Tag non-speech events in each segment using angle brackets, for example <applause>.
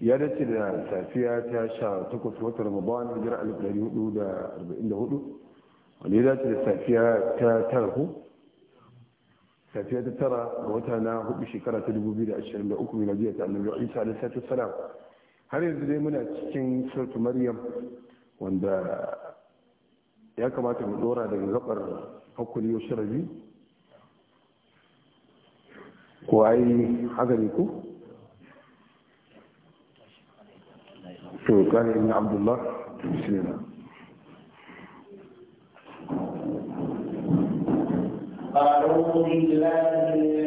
ya dace da safiya ta sha takwas watan ramadan hijira alif dari hudu da arba'in da hudu wanda ya dace da safiya ta tara ko safiya ta tara ga wata na hudu shekara ta dubu biyu da ashirin da uku miladiya ta annabi isa alaihi salatu salam har yanzu dai muna cikin sautu maryam wanda ya kamata mu dora daga gabar hakuri yau shirabi ko ai haka ne ko to kare ibn abdullah bismillah أعوذ بالله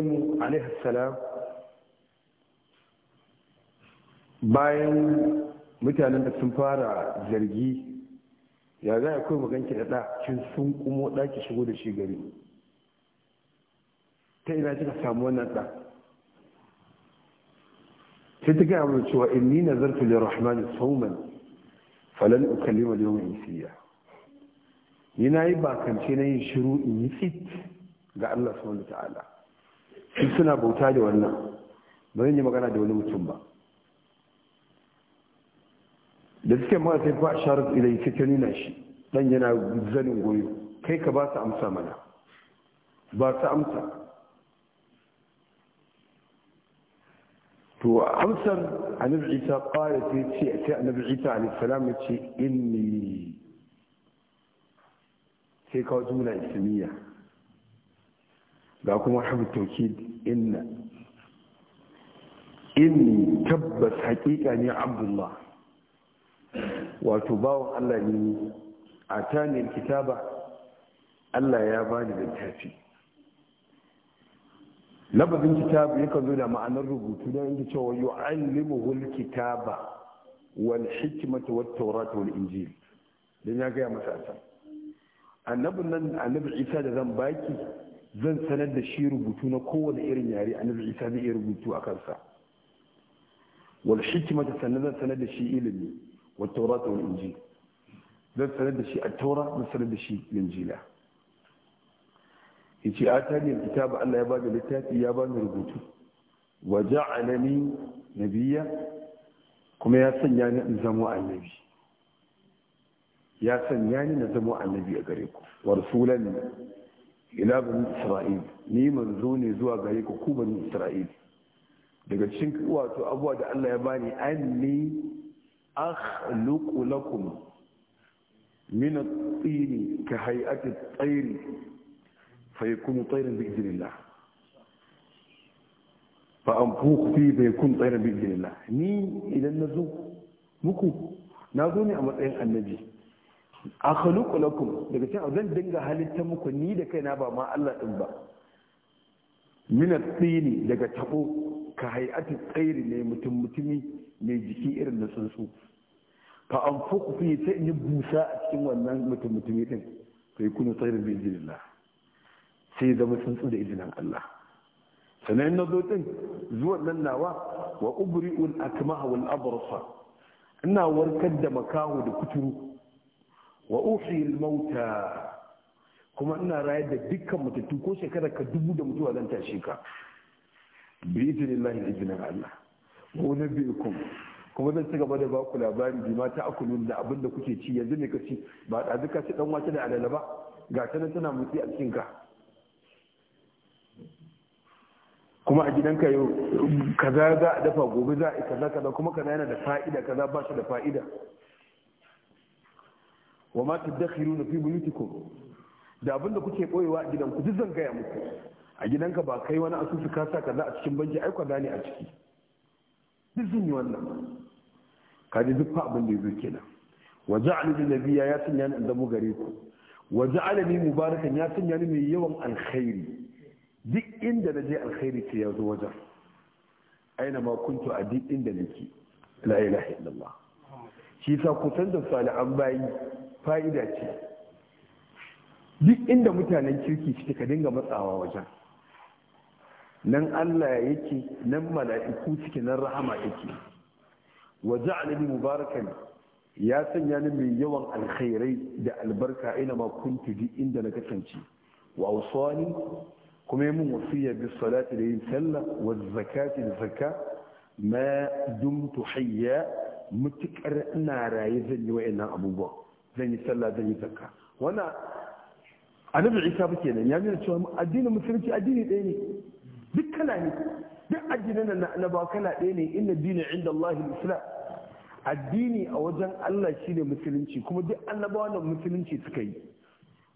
mu salam bayan mutanen da sun fara zargi ya za a kai maganki da ɗa kin sun kumo ɗaki shigo da shi gari ta ina kika samu wannan ɗa sai ta gaya mana cewa inni nazartu rahmani sauman falan ukallima in isiya ni yi bakance na yin shiru in yi fit ga Allah subhanahu wa ta'ala shi suna bauta da wannan ba zan yi magana da wani mutum ba da suke mara sai ba sharar idan yake ta nuna shi dan yana zanin goyo kai ka ba su amsa mana ba su amsa to amsar annabi isa ƙwaya sai ce sai annabi isa alaihissalam ya ce inni sai kawo juna ismiya ga kuma harfi tauki inna inni tabbas haƙiƙa ne abdullah wato bawan allah ne a taniyar kitaba allah ya bani littafi Labarin kitabu ya zo da ma'anar rubutu don inda cewa yu'allimuhul kitaba wal hikmata wat tawrat Wani injil dan ya gaya masa a annabin nan annabi isa da zan baki zan sanar da shi rubutu na kowane irin yare a annabi isa zai iya rubutu a kansa wal hikmata sannan zan sanar da shi ilimi wa taurat wani inji. zan sanar da shi a taura zan sanar da shi injila yace atani kitaba Allah ya ba da littafi ya ba ni rubutu wa ja'alani nabiyya kuma ya sanya ni in zama annabi ya sanya ni na zama annabi a gare ku wa rasulan ila bani isra'il ni manzo ne zuwa gare ku ku bani isra'il daga cikin wato abuwa da Allah ya bani anni akhluqu lakum min at-tin ka hay'ati at-tayr fa yakunu tayran bi idnillah fa anfukhu fi fa yakunu tayran bi idnillah ni idan nazo muku nazo ne a matsayin annabi A lakum daga cikin zan dinga halitta muku ni da kaina ba ma Allah din ba min tsini daga tabo ka hay'ati tsairi ne mutum mutumi mai jiki irin na tsuntsu fa fuku fi sai ni busa a cikin wannan mutum mutumi din fa kunu tsairi bi idinillah sai zama tsuntsu da izinin Allah sannan na zo din zuwan nan nawa wa ubri'ul akmaha wal abrasa ina warkar da makaho da kuturu wa uhil mauta kuma ina rayar da dukkan matattu ko shekara ka dubu da mutuwa zan tashi ka bi izinillahi da izinin Allah na nabiyukum kuma zan ci gaba da ba ku labari bi ta akulun da abin da kuke ci yanzu ne ka ci ba da duka ci dan wata da alala ba ga ta nan tana mutsi a cikin ka kuma a gidanka yau kaza za a dafa gobe za a yi kaza kaza kuma kaza yana da fa'ida kaza ba shi da fa'ida wa ma nuna fi buyutikum da abinda da kuke boyewa a gidanku duk zan gaya muku a gidanka ba kai wani asusu ka sa kaza a cikin banki ai da ne a ciki duk zan yi wannan ji duk fa abin da yazo kenan wa ja'ala lil nabiyya ya sanya ni annabi gare ku wa ja'ala ni mubarakan ya sanya ni mai yawan alkhairi duk inda naje alkhairi ta ya zo wajen aina ma kuntu a duk inda nake la ilaha illallah shi sa kusan da salihan bayi fa'ida ce duk inda mutanen kirki suke ka dinga matsawa wajen nan Allah yake nan mala'iku suke nan rahama yake Waje ja'alani mubarakan ya sanya ni mai yawan alkhairai da albarka ina ma kuntu duk inda na kasance wa usani kuma yi mun wasiya bi salati da yin sallah wa zakati da zakka ma dumtu hayya mutukar ina raye zan yi wa'annan abubuwa zan yi sallah zan yi zakka wannan annabi isa ba ya nuna cewa addinin musulunci addini ɗaya ne duk kala ne duk addinin na annabawa kala ɗaya ne inna dini inda allahi islam addini a wajen Allah shine musulunci kuma duk annabawa da musulunci suka yi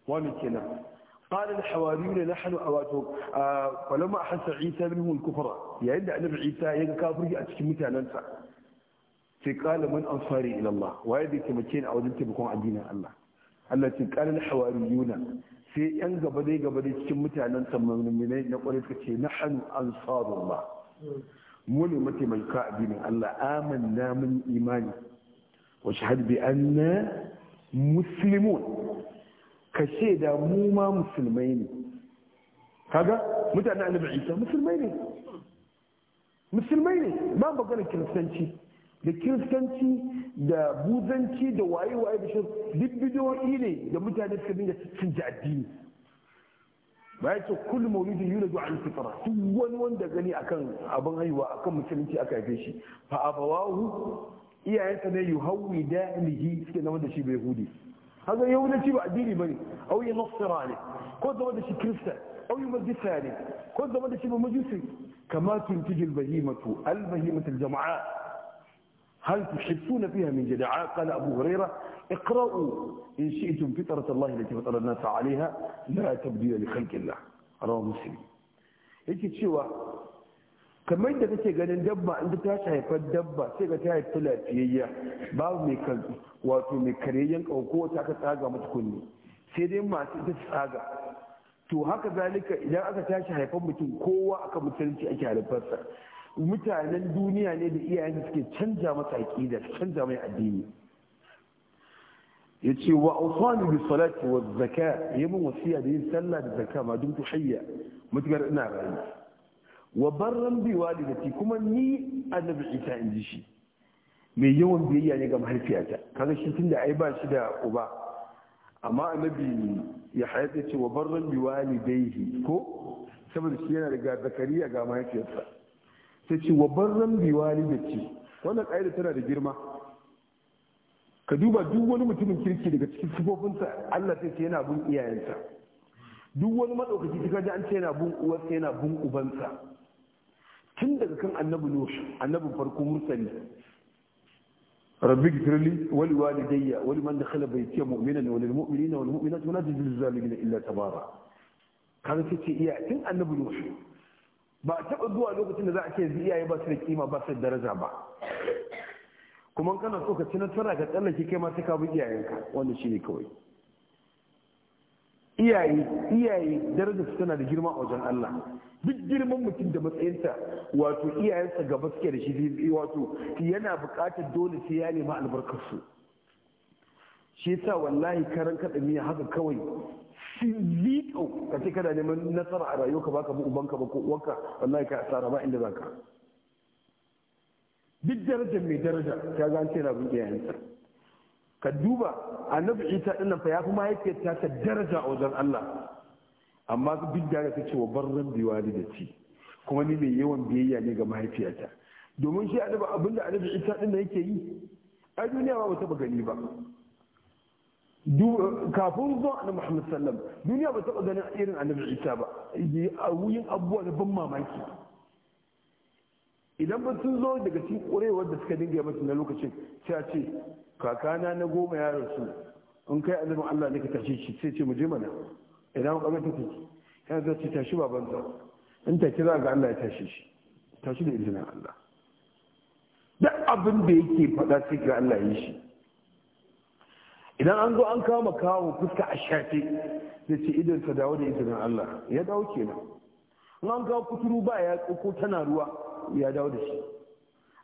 wani kenan قال الحواريون نحن أواتو فلما أحس عيسى منهم الكفر يعني أن عيسى يكافر أتكي متى ننسى sai qala man ansari ila Allah waye da taimake ni a wajen taimakon addinin Allah Allah ce qala hawariyuna sai yan gaba dai gaba dai cikin mutanen sammaninai na kwarai suka ce nahnu ansarullah mu ne mataimaka addinin Allah amanna mun imani wa shahad bi anna mu ma musulmai ne kaga mutanen annabi Isa musulmai ne musulmai ne ba maganar kiristanci da kiristanci da buzanci da waye-waye da shan duk bidiyoyi ne da mutane suka dinga cin da addini ba ce kullu maulidin yuna zuwa an fitara duk wani wanda gani akan abin haihuwa akan musulunci aka haife shi fa abawahu iyayensa ne yuhawwi da'ilihi suke zama da shi bai hudi haka yahudanci ba addini bane au yi nasara ne ko zama da shi kirista au yi majisa ne ko zama da shi ba majisi kama tuntijil bahimatu al jama'a هل تحسون فيها من جدعاء قال أبو هريرة اقرأوا إن شئتم فطرة الله التي فطر الناس عليها لا تبديل لخلق الله رواه مسلم yake cewa kamar da kake ganin dabba in ta haifar dabba sai ga ta haifi lafiyayya babu mai kalbi wato mai karyayyen kauko wata aka tsaga mata kunne sai dai masu ita tsaga to haka zalika idan aka tashi haifar mutum kowa aka mutunci ake halifarsa mutanen duniya ne da iyayen da suke canja masa su canja mai addini Ya ce wa alfani bi salati wa zaka ya yamin wasiya da yin sallah da zaka ma ku tuhayya mutakar ina rayu wa barran bi walidati kuma ni annabi isa in ji shi mai yawan biyayya ne ga mahaifiyata kaga shi tunda ai ba shi da uba amma annabi ya hayata ce wa barran bi walidayhi ko saboda shi yana da zakariya ga mahaifiyarsa sai ce wa barran biwali da ce wannan ƙa'ida tana da girma ka duba duk wani mutumin kirki daga cikin sifofinsa Allah sai ce yana bin iyayensa duk wani madaukaki ta kaji an ce yana bin uwarsa yana bin ubansa tun daga kan annabi nuh annabin farko mursali rabbi gifirli wali walidayya wali man dakhala baytiya mu'minan wal mu'minina wal mu'minat wala tazil zalimin illa tabara kaga sai ce iya tun annabi nuh ba a taɓa zuwa lokacin da za a ce iyaye ba su da kima ba su da daraja ba kuma kana so ka ci nasara ka tsallake kai ma sai ka bi iyayenka wanda shi ne kawai iyaye iyaye daraja su tana da girma a wajen Allah duk girman mutum da matsayinsa wato iyayensa gaba suke da shi wato yana buƙatar dole sai ya nema albarkarsu shi yasa wallahi karan kaɗa miya haka kawai liƙo ka ce kana neman nasara a rayuwa ba ka bi ubanka ba ko uwanka wallahi ka tsara ba inda za ka duk daraja mai daraja ta ga ce rabu bin iyayensa ka duba annabi isa dinnan fa ya fi mahaifiyarta ta daraja a wajen allah amma duk da ta ce wa barran biwa da ci kuma ni mai yawan biyayya ne ga mahaifiyarta. domin shi annabi abinda annabi isa nan yake yi a duniya ba taɓa gani ba kafin zuwa annabi Muhammad sallam duniya ba taɓa ganin irin annabi Isa ba a wuyin abubuwa da ban mamaki idan ba sun zo daga cikin ƙurewar da suka dinga masa na lokacin cewa ce kakana na goma ya rasu in kai azumin Allah ne ka tashi shi sai ce mu je mana idan ka ta take kan za ce tashi baban sa in ta kira ga Allah ya tashi shi tashi da izinin Allah duk abin da yake faɗa sai ga Allah ya yi shi idan an zo an kama kawo fuska a shafe da ce idan ta dawo da izinin Allah ya dawo kenan in an kawo kuturu ba ya ko tana ruwa ya dawo da shi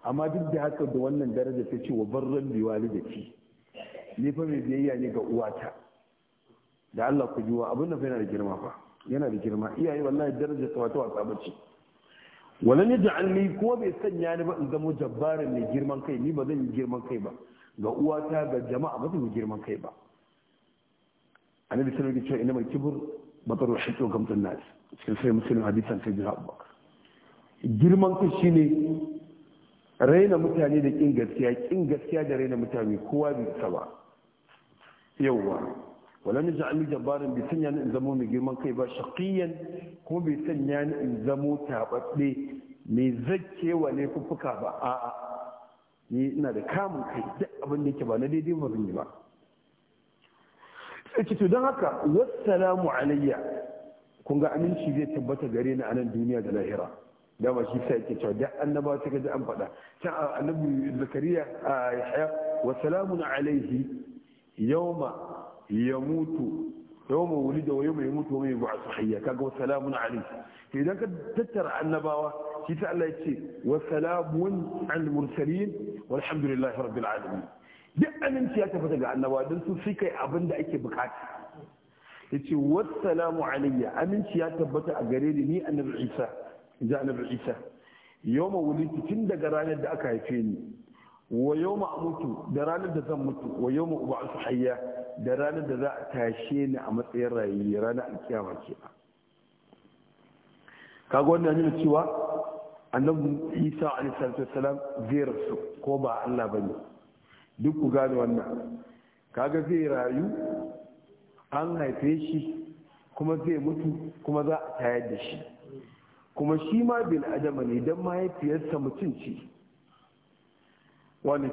amma duk da haka da wannan daraja ta ce wa barran bi walidati ni fa mai biyayya ne ga uwata da Allah ku jiwa abin da fa yana da girma fa yana da girma iyaye wallahi daraja ta wata wasa bace walan alli ko bai sanya ni ba in zama jabbarin mai girman kai ni ba zan yi girman kai ba ga uwata ga jama'a ba su girman kai ba annabi sallallahu alaihi wasallam innamal kibr bataru shakku gamtun nas cikin sai musulun hadisan sai jira abubakar girman kai shine raina mutane da kin gaskiya kin gaskiya da raina mutane kowa bai ba, yawwa wala ni ja'alni jabbaran bi sanya ni in zamo mai girman kai ba shaqiyan ko bai sanya ni in zamo tabadde mai zakkewa ne fuffuka ba a'a ni ina da kamun kai duk abin da yake ba na daidai ba zan yi ba sai to don haka wassalamu alayya kun ga aminci zai tabbata gare ni a nan duniya da lahira dama shi sai yake cewa duk annaba ta gaji an faɗa can annabi zakariya a yahya wa salamun yawma yamutu yawma wulida wa yawma yamutu wa yawma yub'athu hayya kaga wa salamun alayhi to idan ka tattara annabawa shi ta Allah yace wa salamun al mursalin walhamdulillahi rabbil alamin duk aminci ya tafi daga annabawa don su suka yi abin da ake bukata yace wassalamu alayya aminci ya tabbata a gare ni ni annabi Isa ji annabi tun daga ranar da aka haife ni wa da ranar da zan mutu wa hayya da ranar da za a tashe ni a matsayin rayi ranar alkiyama ke ba kaga wannan yana cewa annabi isa alaihi salam zai rasu ko ba Allah bane duk ku gane wannan kaga zai rayu an haife shi kuma zai mutu kuma za a tayar da shi kuma shi ma bil adama ne don mahaifiyarsa mutum ce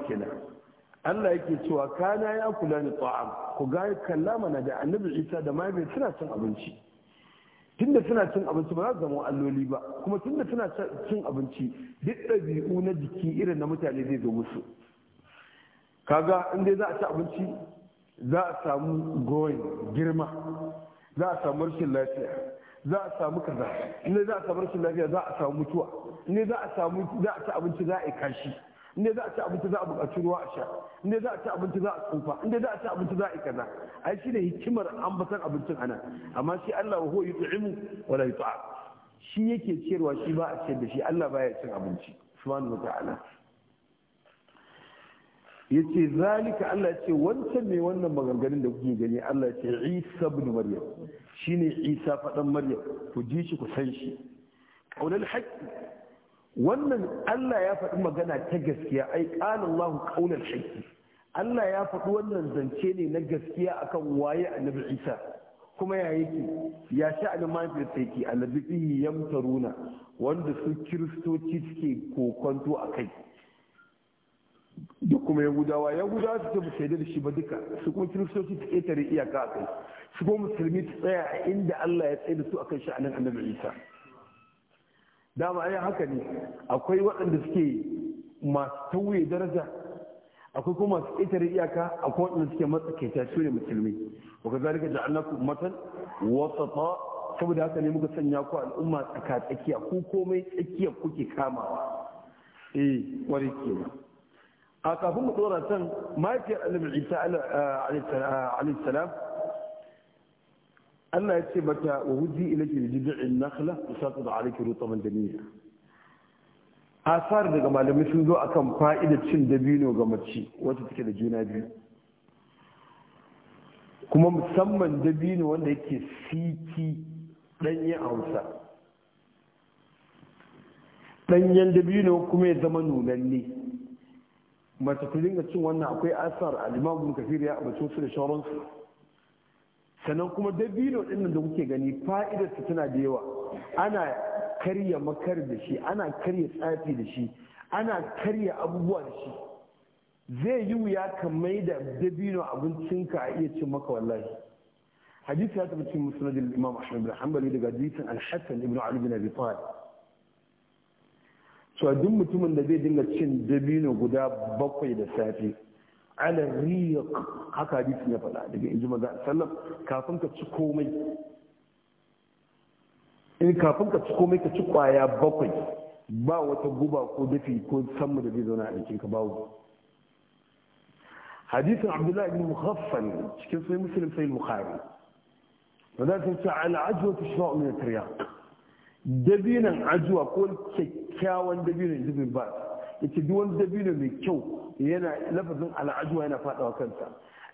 kenan Allah yake cewa kana ya kula ni ta'am ku ga kalla mana da annabi Isa da mai suna cin abinci tunda suna cin abinci ba za su zama alloli ba kuma tunda suna cin abinci duk ɗabi'u na jiki irin na mutane zai zo musu kaga in dai za a ci abinci za a samu goyin girma za a samu rashin lafiya za a samu kaza in dai za a samu rashin lafiya za a samu mutuwa in dai za a samu za a ci abinci za a yi kashi inda za a ci abinci za a buƙaci ruwa a sha inda za a ci abinci za a tsufa inda za a ci abinci za a yi kaza ai shine hikimar ambatan abincin ana amma shi Allah wa huwa yut'imu wa la yut'am shi yake ciyarwa shi ba a ciyar da shi Allah baya cin abinci subhanahu wa ta'ala yace zalika Allah ya ce wancan ne wannan maganganun da kuke gani Allah ya ce Isa ibn Maryam shine Isa fadan Maryam ku ji shi ku san shi qaulul haqqi wannan Allah ya faɗi magana ta gaskiya ai qala Allah qawlan haqqi Allah ya faɗi wannan zance ne na gaskiya akan waye annabi Isa kuma ya yake ya sha sha'anin mahaifiyarsa yake annabi fihi yamtaruna wanda su kiristoci suke kokonto a kai da kuma yahudawa yahudawa su ce shaidar shi ba duka su kuma kiristoci su ƙetare iyaka a kai su kuma musulmi su tsaya a inda Allah ya tsaye da su akan sha'anin annabi Isa dama ai haka ne akwai waɗanda suke masu tauye daraja akwai kuma masu ƙetare iyaka akwai waɗanda suke matsakaita su ne musulmi wa ka zalika ja'alnakum ummatan wasata saboda haka ne muka sanya ku al'umma tsaka tsakiya ku komai tsakiya kuke kamawa eh wari a kafin mu dora can mahaifiyar annabi Isa eh, alaihi salam Allah ya ce mata wa ila ilaki nakhla tusaqid alayki rutaban jami'a asar daga malamai sun zo akan fa'idar cin dabino ga mace wacce take da juna biyu kuma musamman dabino wanda yake siki danyen hausa danyen dabino kuma ya zama nunanne mace ku dinga cin wannan akwai asar a kafir ya abu da sannan kuma dabino ɗin da kuke gani fa'idar su tana da yawa ana karya makar da shi ana karya tsafi da shi ana karya abubuwa da shi zai yi wuya ka mai da dabino abincinka a iya cin maka wallahi hadisi ya tabbacin musnadin imam ahmad bin hanbali daga hadisin al-hassan ibn ali bin abi talib cewa duk mutumin da zai dinga cin dabino guda bakwai da safe ala riq haka hadisi ya faɗa daga inji maza sallam kafin ka ci komai in eh, kafin ka ci komai ka ci kwaya bakwai ba wata guba ko dafi ko sammu da zai zauna a jikin ka bawo hadisin abdullahi ibn muhaffan cikin sai muslim sai bukhari maza sai ce ala ajwa tushra'u min at dabinan ajwa ko kyakkyawan dabinan jibin ba yace duk wani dabino mai kyau yana lafazin al'ajuwa yana fadawa kansa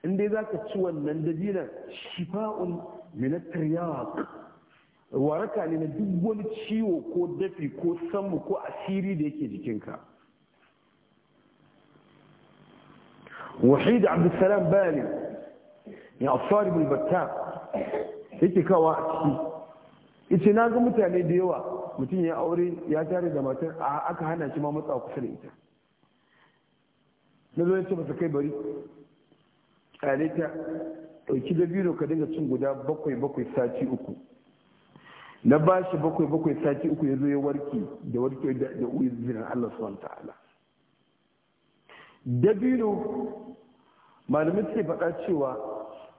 in dai zaka ci wannan dabinan shifa'un min at-tiryaq waraka ne na duk wani ciwo ko dafi ko sammu ko asiri da yake jikinka wahid abdussalam bali ya asarib al-battar yake kawa a ciki yace na ga mutane da yawa mutum ya aure ya tare da matar a aka hana shi ma matsa kusa da ita na zo ya ce masa kai bari tsare ta ɗauki da biyu ka dinga cin guda bakwai bakwai sati uku na ba shi bakwai bakwai sati uku ya zo ya warke da warke da Allah subhanahu ta'ala dabino malamin suke faɗa cewa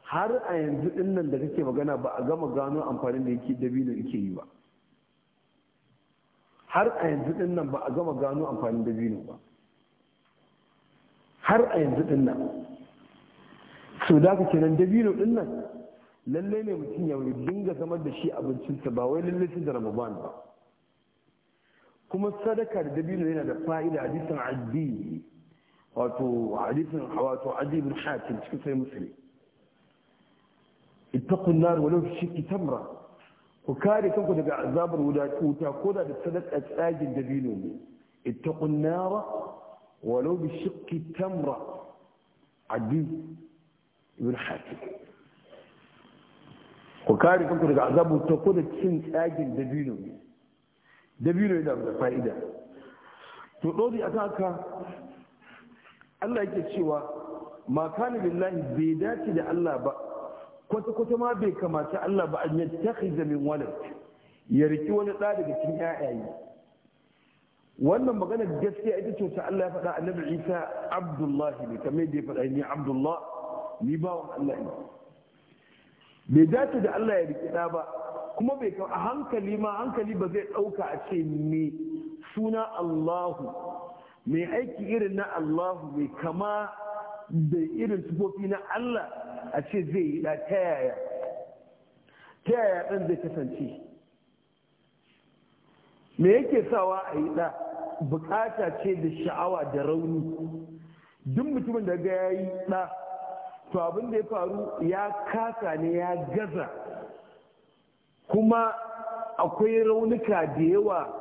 har a yanzu ɗin nan da kake magana ba a gama gano amfanin da yake dabino yake yi ba har a yanzu din nan ba a gama gano amfanin dabino ba har a yanzu din nan su da ka kenan dabino din nan lalle ne mutum ya dinga zamar da shi abincinsa ba wai lalle sun da ramadan ba kuma sadaka da dabino yana da fa'ida a addi wato hadisin wato addi bin hatim cikin sai musulmi ittaqun nar walau shi kitamra ku kare kanku daga azabar wuta ko da da sadaka tsagin dabino ne ittaqun nara walau bi shiqqi tamra adi ibn hakim ku kare kanku daga azabar wuta ko da cin tsagin dabino ne dabino yana da fa'ida to dodi ataka Allah yake cewa ma kana lillahi bai dace da Allah ba kwata-kwata ma bai kamata Allah ba an yadda min walad ya riki wani ɗa daga cikin ƴaƴaye wannan magana gaskiya ita ce ta Allah ya faɗa annabi Isa Abdullahi ne kamar da ya faɗa ni Abdullah ni wa Allah ne bai dace da Allah ya riki ɗa ba kuma bai a hankali ma hankali ba zai ɗauka a ce me suna Allahu mai aiki irin na Allahu mai kama da irin tufofi na Allah a ce zai yi da ta yaya ta yaya ɗan zai kasance me yake sawa a yi ɗa bukata ce da sha'awa da rauni duk mutumin da ga ya yi ɗa to abin da ya faru ya kasa ne ya gaza kuma akwai raunuka da yawa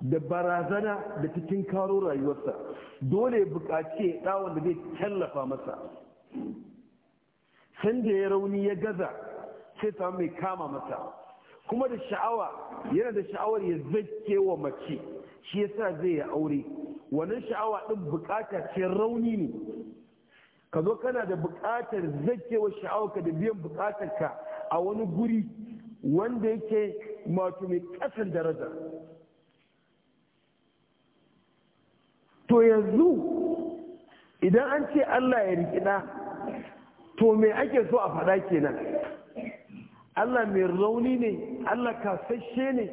da barazana da cikin karo rayuwarsa dole ya buƙaci ɗawon da zai tallafa masa da ya rauni ya gaza sai ta mai kama masa kuma da sha'awa yana da sha'awar ya zake wa mace shi ya sa zai ya aure wannan sha'awa ɗin bukata ce rauni ne ka zo kana da bukatar sha'awar sha'awarka da biyan ka a wani guri wanda yake mato mai kasan daraja to yanzu idan an ce Allah ya rikina. to me ake so a faɗa kenan Allah mai rauni ne Allah kasashe ne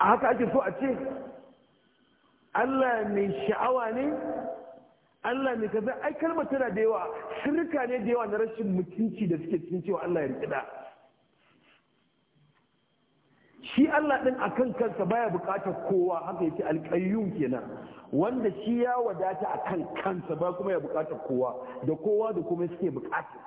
a haka ake so a ce Allah mai sha'awa ne Allah mai kaza ai kalmar tana da yawa shirka ne da yawa na rashin mutunci da suke cin cewa Allah ya rikida shi Allah ɗin akan kansa baya buƙatar kowa haka yake kenan wanda shi ya wadata a kan kansa ba kuma ya buƙatar kowa da kowa da kuma suke buƙatar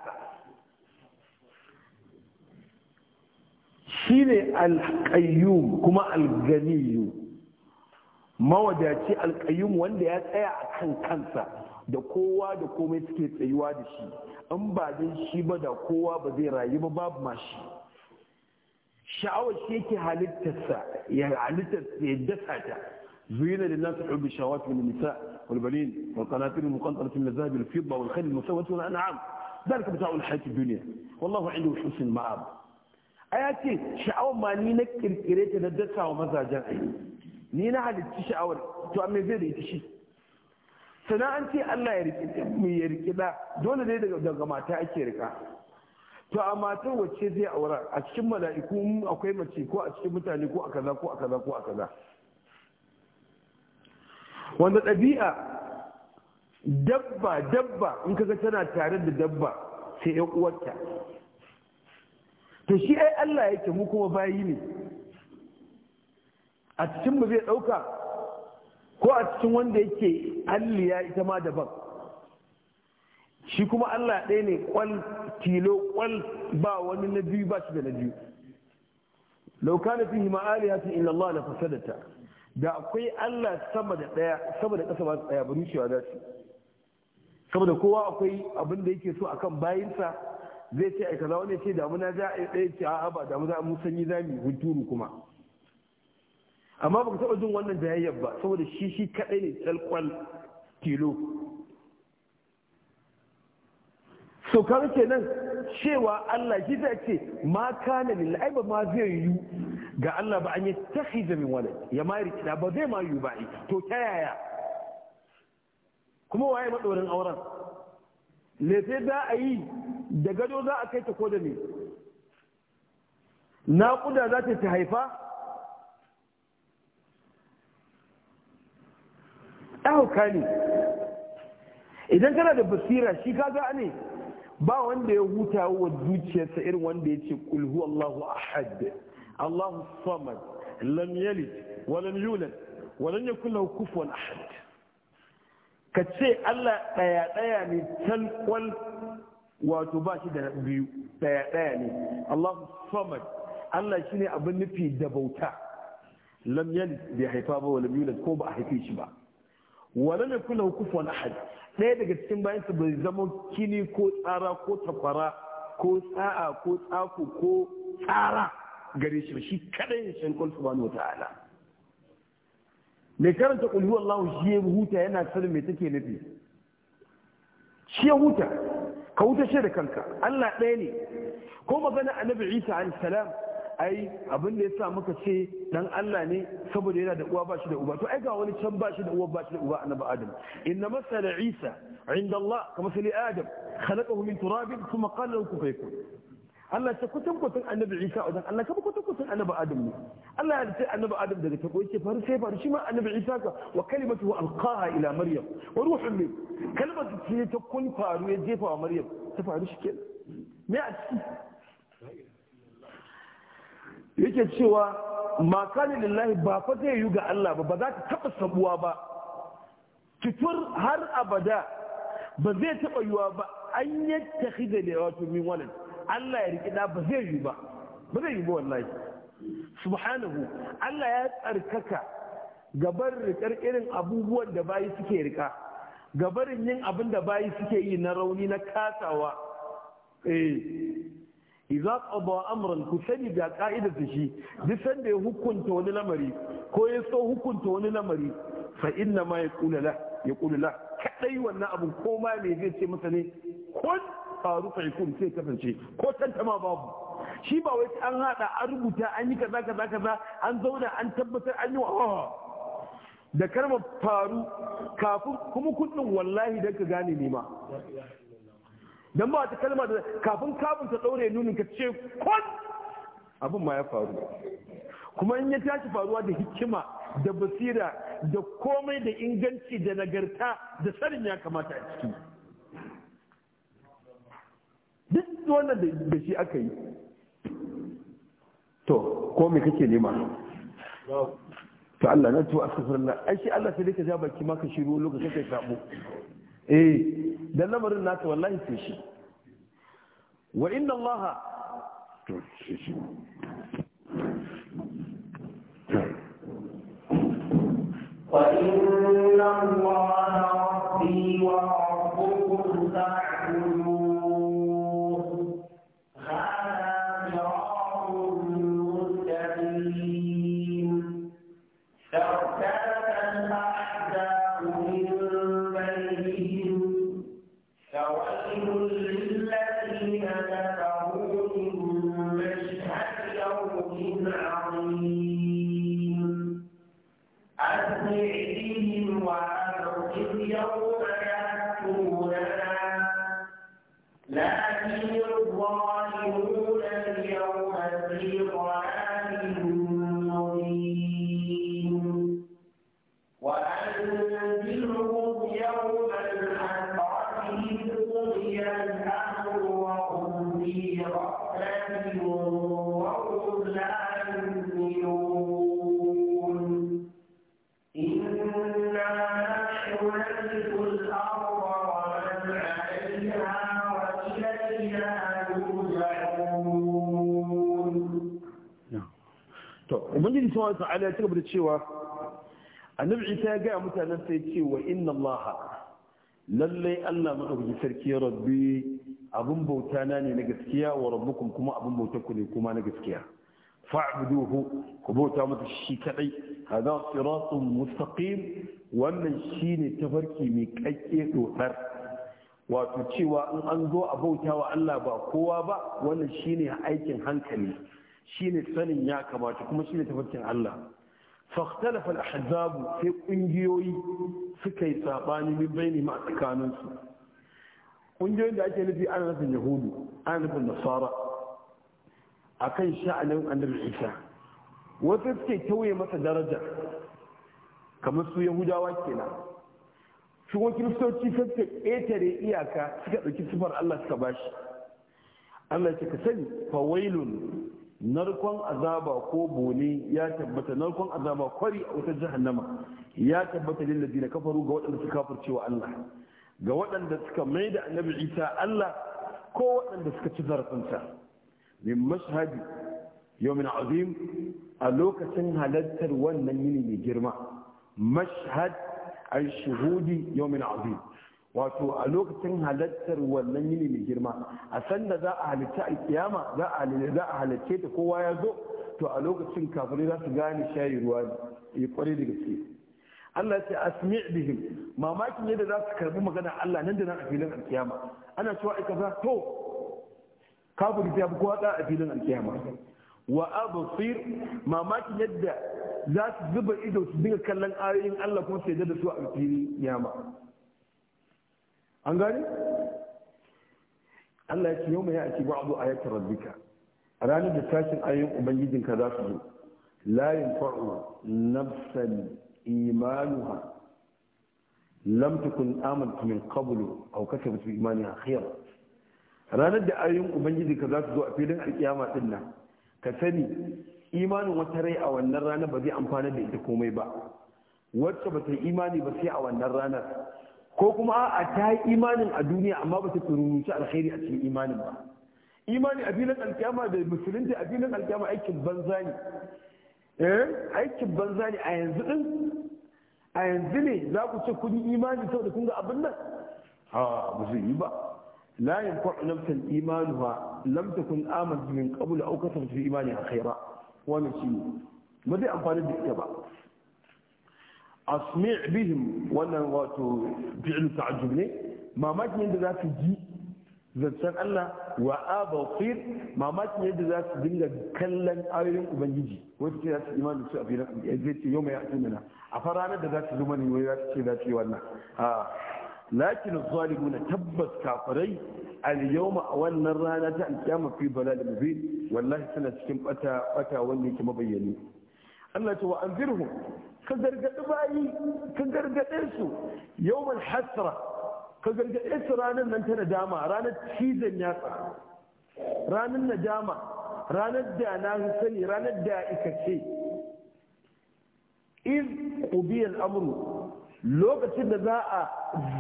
sa ne alƙayyun kuma alganiyu mawadaci alƙayyun wanda ya tsaya a kan kansa da kowa da komai suke tsayuwa da shi in ba dan shi ba da kowa ba zai rayu ba babu mashi sha'awar shi yake halittarsa ya halittar ya dasa ta zuyina da nasu hubbi shawat min nisa wal balin wal qanatir muqantarat min zahab al fidda wal khayl musawwat wal an'am dalika mata'u al hayat ad dunya wallahu indahu husnul ma'ab ayati sha'awar ma ni na kirkire ta na dasa wa mazajen ai ni na halitti sha'awar to amma zai da ita shi sana'an ce Allah ya riki mu ya riki da dole ne daga mata ake rika to a matar wacce zai aura a cikin mala'iku akwai mace ko a cikin mutane ko a kaza ko a kaza ko a kaza wanda ɗabi'a dabba dabba in ga tana tare da dabba sai ya uwarta to shi ai Allah yake mu kuma bayi ne a cikin mu zai ɗauka ko a cikin wanda yake alliya ita ma daban shi kuma Allah ɗaya ne kwal tilo kwal ba wani na biyu ba shi da na biyu law kana fihi ma'alihatu illa Allah la fasadata da akwai Allah sama da ɗaya sama da ƙasa ba ɗaya ba rushewa za su saboda kowa akwai abin da yake so a kan bayinsa zai ce aika kaza wani ce damuna za a ɗaya ce a'a ba damu za mu sanyi za mu hunturu kuma amma baka taɓa jin wannan jayayyar ba saboda shi shi kaɗai ne talƙwal tilo Saukar kawai kenan cewa Allah shi ta ce ma kana lil ai ba ma zai yi ga Allah ba an yi takhidha min walad ya ma rikida ba zai ma yi ba to ta yaya kuma waye madorin auren lefe za a yi da gado za a kai ta ko da me naƙuda za ta ta haifa ɗauka ne idan kana da basira shi kaga ne ba wanda ya huta wa zuciyarsa irin wanda ya ce kulhu Allahu ahad Allahu samad lam yalid wa lam yulad wa lam yakul lahu kufuwan ahad ka ce Allah daya daya ne talqal wato ba shi da biyu daya daya ne Allahu samad Allah shine abin nufi da bauta lam yalid bai haifa ba wa lam yulad ko ba a haife shi ba wa lam yakul lahu kufuwan ahad ɗaya daga cikin bayansa bai zama kini ko tsara ko takwara ko sa'a ko tsaku ko tsara gare shi shi kadai shankul subhanahu wata'ala mai karanta kulhu shi ya huta yana sanin me take nufi shi ya huta ka huta shi da kanka Allah ɗaya ne ko magana annabi Isa alayhi salam ai abin da ya sa muka ce dan Allah ne saboda yana da uwa ba shi da uba to ai ga wani can ba shi da uwa ba shi da uba annabi adam inna masala isa inda Allah kama sali adam khalaqahu min turabin kuma qala lahu kun Allah ta kutan kutan annabi isa wajen Allah kama kutan kutan annabi adam ne Allah ya ce annabi adam daga ta koyi ce sai faru shi ma annabi isa ka wa kalimatu alqaha ila maryam wa ruhun min kalmar ce ta kun faru ya jefa wa maryam ta faru shi kenan me a ciki yake cewa ma lillahi ba fa zai yi ga Allah ba ba za ta taba sabuwa ba tutur har abada ba zai taba yiwa ba an yattakhidha li wato min walad Allah ya riki da ba zai yi ba ba zai yi ba wallahi subhanahu Allah ya tsarkaka gabar rikar irin abubuwan da bayi suke rika gabarin yin abin da bayi suke yi na rauni na kasawa eh idza qada amran ku sani ga ka'idar shi duk sanda ya hukunta wani lamari ko ya so hukunta wani lamari fa inna ma yaqulu la yaqulu la kadai wannan abu ko ma me zai ce masa ne kun faru fa yakun sai kasance ko tantama babu shi ba wai an hada an rubuta an yi kaza kaza kaza an zauna an tabbatar an yi wa da karma faru kafin kuma kudin wallahi dan ka gane ne ma don ba ta kalmar da kafin kafin ta ɗaure nunin ka ce kun abin ma ya faru kuma in ya tashi faruwa da hikima da basira da komai da inganci da nagarta da sanin ya kamata a ciki duk wannan da shi aka yi to ko me kake nema to Allah na tuwa Allah ai shi Allah sai ka ja baki maka shiru lokacin kai sabo eh dan lamarin naka wallahi sai shi wa inna allaha wa inna allaha rabbi wa rabbukum يوم الحسرة قضي الأمر وهم في غفلة وهم لا يؤمنون إنا نحن الأرض نعم. ومن عليها وإلينا ترجعون. To, Ubangiji Sama Ta'ala ya ci gaba annabi isa ya gaya mutanen sai ce wa inna allaha lallai allah maɗauki sarki rabbi abin bauta na ne na gaskiya wa rabbukum kuma abin bauta ku ne kuma na gaskiya fa'buduhu ku bauta masa shi kadai hada siratun mustaqim wannan shine tafarki mai kakke dodar wato cewa in an zo a bauta wa Allah ba kowa ba wannan shine aikin hankali shine sanin ya kamata kuma shine tafarkin Allah فاختلف الأحزاب sai ƙungiyoyi suka yi saɓani min bayani ma tsakaninsu ƙungiyoyin da ake nufi ana nufin yahudu ana nufin nasara a kan sha'anin annabi isa wasu suke kyauye masa daraja kamar su yahudawa kenan shi kuma kiristoci sai suka ƙetare iyaka suka ɗauki sifar allah suka bashi allah ce ka sani fawailun narkon azaba ko bone ya tabbata narkon azaba kwari a wata jahannama ya tabbata lil ladina kafaru ga waɗanda suka kafircewa Allah ga waɗanda suka mai da annabi Isa Allah ko waɗanda suka ci zarafinsa min mashhadi yawmin azim a lokacin halartar wannan yini mai girma mashhad al-shuhudi yawmin azim wato a lokacin halattar wannan yini mai girma a sanda za a halitta alkiyama za a za a halarce ta kowa ya zo to a lokacin kafirai za su gane shayi ruwa ya kware eh, da gaske Allah ya ce asmi bihim mamakin yadda za su karbi magana Allah nan da nan a filin alkiyama ana cewa ai kaza to kafiri ta bi kowa a filin alkiyama wa absir mamakin yadda za su zuba ido su dinga kallon ayoyin Allah kuma su da su a filin alkiyama an gane Allah ya ce yau mai ya'ati ba'du ayati rabbika ranar da tashin ayoyin ubangijinka za su zo la yanfa'u nafsan imanuha lam takun amantu min qablu aw kasabat fi imaniha khayra ranar da ayoyin ka za su zo a filin alkiyama din nan ka sani imanin wata rai a wannan ranar ba zai amfana da ita komai ba wacce ba ta imani ba sai a wannan ranar ko kuma a ta yi imanin a duniya amma ba ta tsururuci alkhairi a cikin imanin ba imani a filin alkyama da musulunci a filin alkyama aikin banza ne eh aikin banza ne a yanzu din a yanzu ne za ku ce kun yi imani saboda kun ga abin nan ha ba su yi ba la yanfa'u nafsan imanuha lam takun amantu min qabl aw kasabtu fi imani khaira wannan shi ne ba zai amfani da ita ba asmi' bihim wannan wato fi'lu ta'ajjub ne mamakin yadda za su ji zancen Allah wa abaqir mamakin yadda za su dinga kallon ayoyin ubangiji wata ce za su imani su a filin zai ce yau mai yaƙi mana a faranar da za su zo mani wai za su ce za su yi wannan lakin na tabbas kafirai al-yawma a wannan rana ta alkiyama fi balal mubin wallahi suna cikin bata bata wanda yake mabayyani الله تو انذرهم كذرج دبايي كذرج دنسو يوم الحسره كذرج اسران من تن داما ران تشيزن ياسا ران النجاما ران الدانا حسني ران الدائكتي اذ قضي الامر لوكتين ذا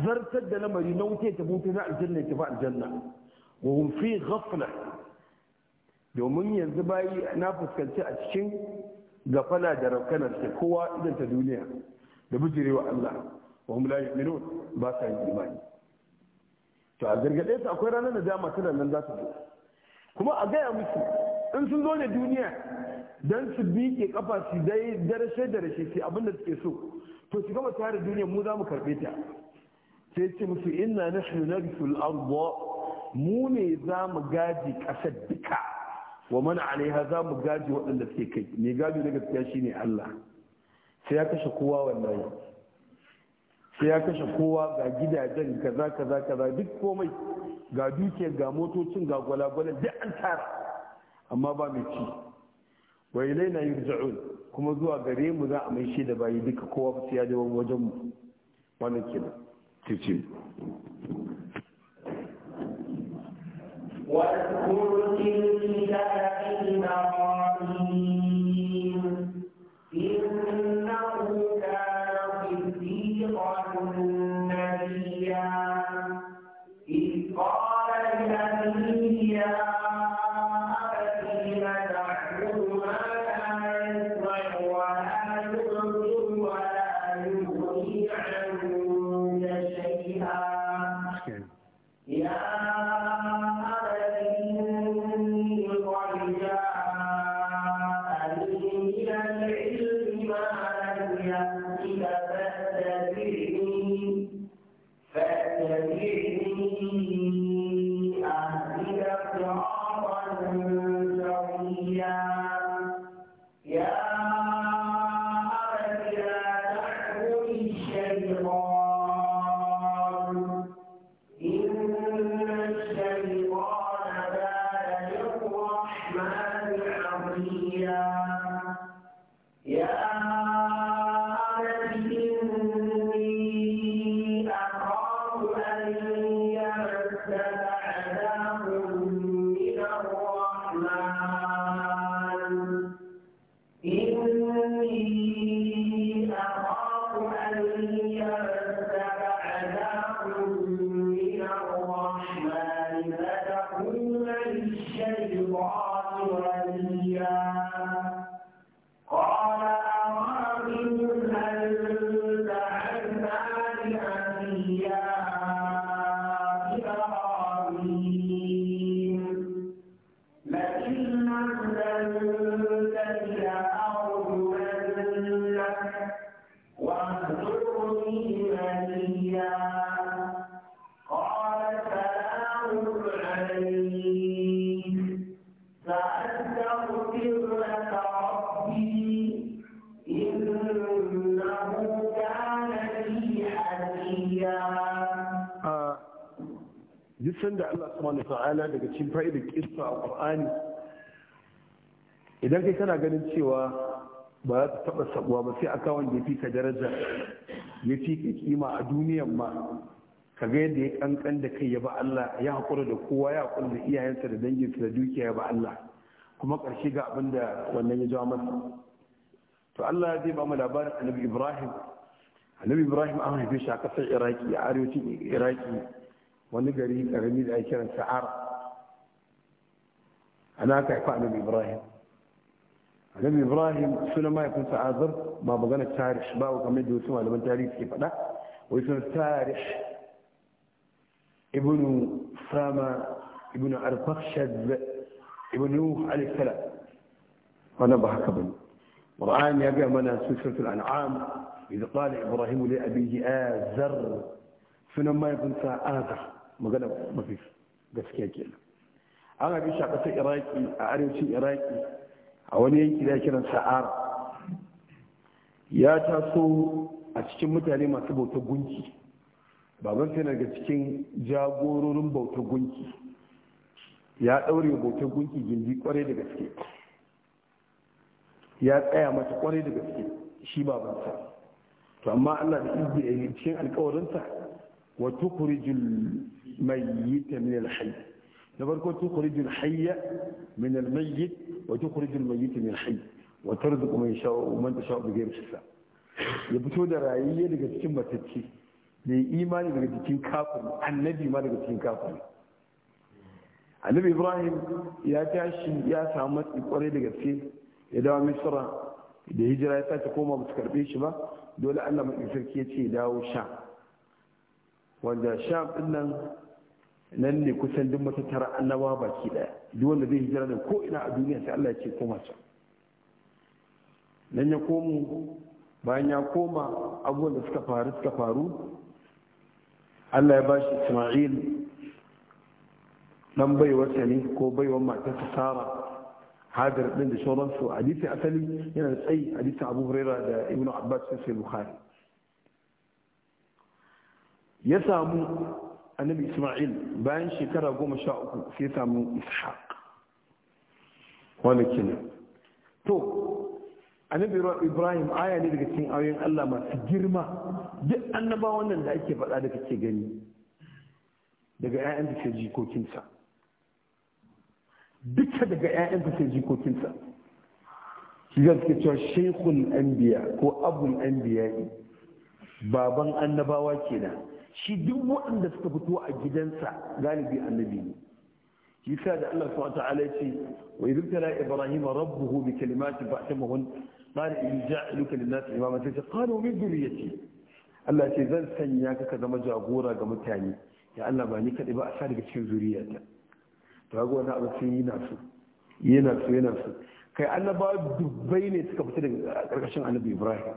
زرتد لمري نوتي تبوتي ذا الجنه تبع الجنه وهم في غفله يومين يزبايي نافس كالتي اتشين gafala da rakanar suke kowa idan ta duniya da bujirewa Allah wa hum la yu'minun ba sa yin imani to a gargade su akwai ranar da dama tana nan za su zo kuma a gaya musu in sun zo da duniya dan su bike kafa su dai darashe darashe su abinda suke so to su gama tare duniya mu za mu karbe ta sai ce musu inna nahnu narisul ardh mu ne za mu gaji ƙasar duka wa mana alaiha za mu gaji waɗanda suke kai mai gaji na gaskiya shine Allah sai ya kashe kowa wallahi sai ya kashe kowa ga gidajen kaza kaza kaza duk komai ga duke ga motocin ga gwalagwale duk an tara amma ba mai ci wai laina yurja'un kuma zuwa gare mu za a mai shi da bayi duka kowa sai ya dawo wajen mu wannan kenan tice واذكر في الكتاب إبراهيم الرحمن حميدا يا subhanahu ta'ala daga cikin fa'idar kissa a Qur'ani idan kai kana ganin cewa ba za ta taba sabuwa ba sai aka wanda yafi ka daraja yafi ka kima a duniyan ma ka ga yadda ya kankan da kai ya ba Allah ya haƙura da kowa ya haƙura da iyayensa da danginsa da dukiya ya ba Allah kuma karshe ga abin da wannan ya jawo masa to Allah zai ba mu labarin annabi Ibrahim annabi Ibrahim an haife shi a ƙasar Iraki a arewacin Iraki ونقري الرميل أي كان سعر هناك إعفاء نبي إبراهيم نبي إبراهيم سلما يكون سعر ما بغانا التارش باو كم يدو سوى لمن تاريخ كيف لا ويسمى التارش ابن سامة ابن أرفخشد ابن نوح عليه السلام وانا بحق ابن ورآن يا بيه منا الأنعام إذا قال إبراهيم لأبيه آذر فنما يكون سأذر magana mafi gaskiya nan an abi shi a ƙasar iraki a arewacin iraki a wani yanki da kiran sa'ar ya taso a cikin mutane masu bauta gunki baban sai daga cikin jagororin bauta gunki ya ɗaure bauta gunki gindi kwarai da gaske ya tsaya mata kwarai da gaske shi babansa to amma allah da izini cikin alkawarinsa wa tukhrijul mayyita min al-hayy da farko tukhrijul hayya min al wa tukhrijul mayyita min al-hayy wa tarzuqu man yasha'u man tasha'u bi ghayri hisab ya fito da rayuwa daga cikin matacce da imani daga cikin kafiri annabi ma daga cikin kafin. annabi ibrahim ya tashi ya samu matsi kwarai da gaske ya dawo misra da hijira ya sace koma ba su karbe shi ba dole allah mai sarki ya ce dawo sha wanda sham din nan ne kusan duk matattara annaba baki daya duk wanda zai hijira da ko ina a duniya sai Allah ya ce koma can nan ya komo bayan ya koma abubuwan da suka faru suka faru Allah ya bashi Isma'il dan baiwarsa ne ko baiwar matarsa Sara hadar din da su hadisi asali yana tsayi hadisin Abu Hurairah da Ibn Abbas sai Bukhari ya samu annabi isma'il bayan shekara goma sha uku sai samu ishaq wani kenan to annabi ibrahim aya ne daga cikin ayoyin allah masu girma duk annaba wannan da ake faɗa da kake gani daga da ke jikokinsa duka daga da ke jikokinsa shigar suke cewa shekul anbiya ko abun anbiya baban annabawa kenan shi duk waɗanda suka fito a gidansa galibi annabi ne shi sa da Allah subhanahu wa ta'ala ce wa idh tala ibrahima rabbuhu bi kalimatin fa atamahun qala in ja'aluka lin-nas imama sai qalu min dhurriyyati Allah ce zan sanya ka ka zama jagora ga mutane ya Allah ba ni kadai ba a sa daga cikin zuriyata to ga wannan abu sai yana so yana so yana so kai Allah annabawa dubbai ne suka fita daga karkashin annabi ibrahim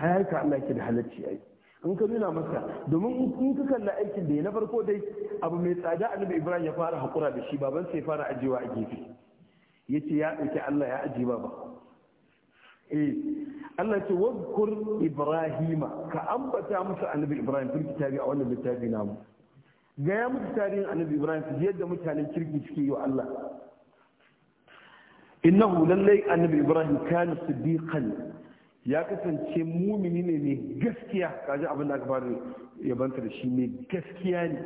har ka Allah ke da halacci ai in ka nuna masa domin in ka kalla aikin da ya na farko dai abu mai tsada annabi ibrahim ya fara hakura da shi baban sai fara ajiyewa a gefe Ya ce ya ɗauki Allah ya aje baba eh Allah ce wadkur ibrahima ka ambata musu annabi ibrahim turki kitabi a wannan littafi namu Gaya ya musu tarihin annabi ibrahim su da mutanen kirki suke yi wa Allah innahu lallai annabi ibrahim kana siddiqan ya kasance mumini ne mai gaskiya kaji abin da aka fara yabanta da shi mai gaskiya ne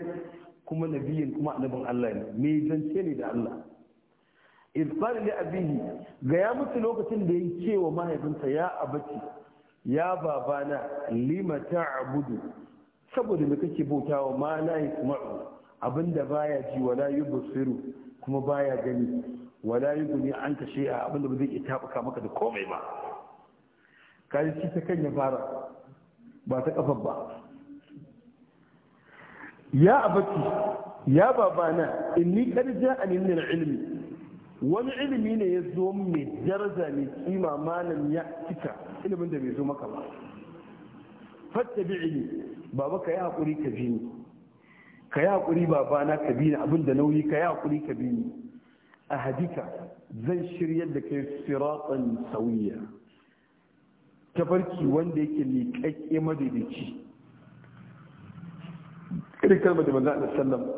kuma nabiyin kuma annabin Allah ne mai zance ne da Allah izbal li abihi ga ya mutu lokacin da ya ce wa mahaifinsa ya abaci ya babana lima ta'budu saboda me kake bautawa ma la yasma'u abinda baya ji wala yubsiru kuma baya gani wala yughni anka shay'a abinda ba zai iya tabuka maka da komai ba kaji ci ta kan ya fara ba ta kafa ba ya abati ya babana inni karja a ninin ilimi wani ilimi ne ya zo mai daraja mai kima malam ya cika ilimin da bai zo maka ba fatta bi ilmi baba ka yi hakuri ka bi ni ka yi haƙuri babana ka bi ni abin da nauyi ka yi hakuri ka bi ni a hadika zan shiryar da kai siratan sauyiya tafarki wanda yake liƙaƙe madaidaici irin kalmar da manzo Allah sallam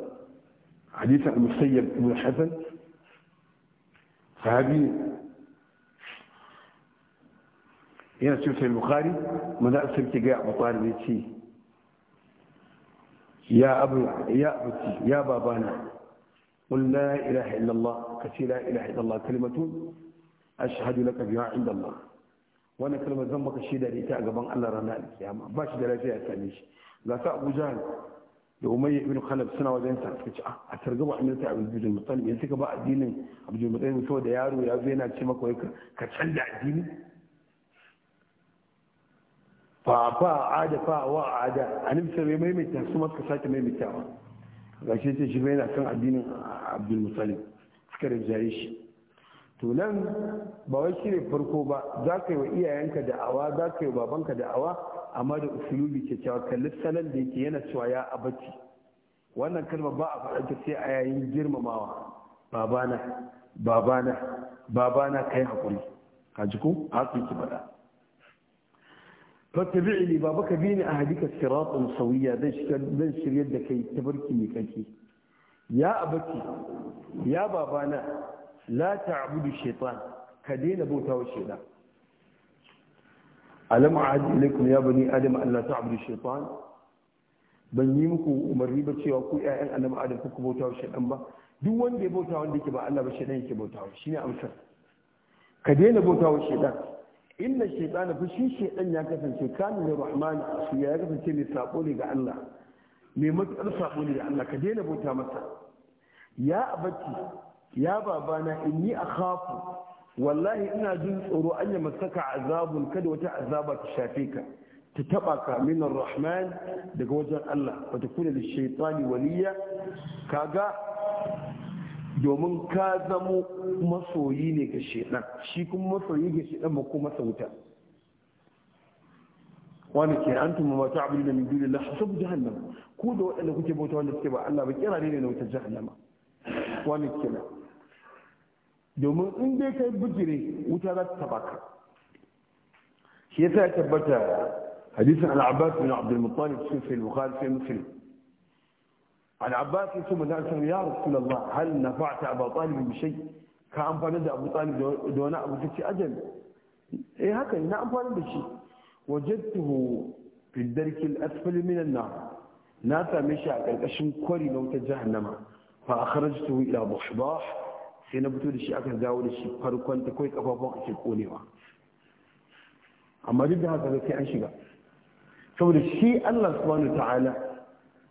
hadisin al-musayyab ibn hasan sahabi yana cikin sai bukhari manzo Allah sallam ke ga Abu Talib yace ya abu ya abuti ya babana قل لا إله إلا الله كثير لا إله إلا الله كلمة أشهد لك wannan kalmar zan maka shaida da ita a gaban Allah ranar alkiyama ba shi da lafiya ya ne shi ga sa Abu Jahl da Umayya ibn Khalaf suna wajen ta suka ce ah, a targaba Abu Jahl Muttalib yanzu suka ba addinin Abdul so saboda yaro ya zo yana ce maka wai ka canza addini fa fa ada fa wa ada annabi sai maimaita su ma suka sake maimaitawa gashi sai shi mai na kan addinin Abdul Muttalib suka rinjaye shi to nan ba wai shi ne farko ba za ka yi wa iyayenka da'awa za ka yi wa babanka da'awa amma da usulubi ke cewa kalli salon da yake yana cewa ya abaci wannan kalma ba a faɗanta sai a yayin girmamawa babana babana babana kai hakuri ka ji ko haka yake faɗa baka bi ni a hadika siratun sauyiya zan shirya da kai tabarki mai kake ya abaci ya babana la ta'budu shaytan ka daina bautawa shaytan alam a'ad ilaykum ya bani adam an la ta'budu shaytan ban yi muku umarni ba cewa ku ƴaƴan annab adam ku bautawa shaytan ba duk wanda ya bauta wanda yake ba Allah ba shaytan yake bautawa shine amsar ka daina bautawa shaytan inna shaytana fa shi shaytan ya kasance kana rahman shi ya kasance mai sako ne ga Allah mai matuƙar sako ne ga Allah ka daina bauta masa ya abati ya babana inni khafu wallahi ina jin tsoro an yi masaka azabun kada wata azaba ta shafe ka ta taba ka minan rahman daga wajen Allah ba ta kuna da shaitani waliya kaga domin ka zamo masoyi ne ga shaitan shi kuma masoyi ga shaitan ba kuma sauta wani ke an tumma mata abin da min dole la sabu jahannama ko da waɗanda kuke bauta wanda suke ba Allah ba kira ne na wutar jahannama wani kenan domin in dai kai bijire wuta za ta حديث عن yasa بن عبد المطلب في abbas في abd al عن عباس ثم قال يا رسول الله هل نفعت ابا طالب بشيء كان فانا ابو طالب دون ابو جدي اجل اي هكذا انا امفان بشيء وجدته في الدرك الاسفل من النار نافى مشى على القشم كوري نوت جهنم فاخرجته الى بحباح sai na fito da shi aka dawo da shi farkon ta kawai kafafun ake konewa amma duk da haka sai an shiga saboda shi Allah subhanahu ta'ala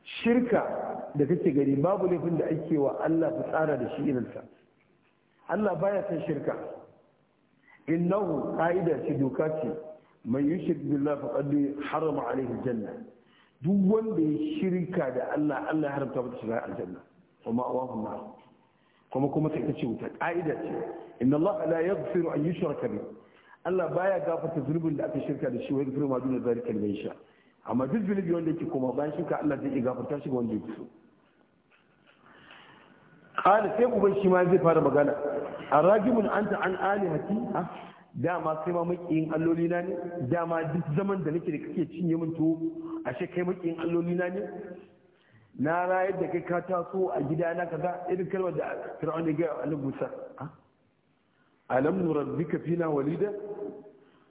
shirka da kake gari, babu laifin da ake wa Allah tsara da shi irinsa Allah baya san shirka innahu qa'ida ce doka ce man yushrik billahi faqad harama alaihi janna duk wanda ya shirka da Allah Allah ya haramta masa shiga aljanna wa ma'awahu kuma kuma ta ce wuta ƙa'ida ce inna Allah la yaghfiru an yushraka bi Allah baya gafarta zunubin da aka shirka da shi wa yaghfiru ma duna zalika liman yasha amma duk zunubi wanda yake kuma bayan shirka Allah zai gafarta shi ga wanda yake so qala sai uban shi ma zai fara magana arrajimun anta an alihati dama sai ma makiyin alloli na ne dama duk zaman da nake da kake cinye min to ashe kai makiyin alloli na ne na rayar da kai ka taso a gida na kaza irin kalmar da fir'auni ya ga annabi Musa alam nurabbika fina walida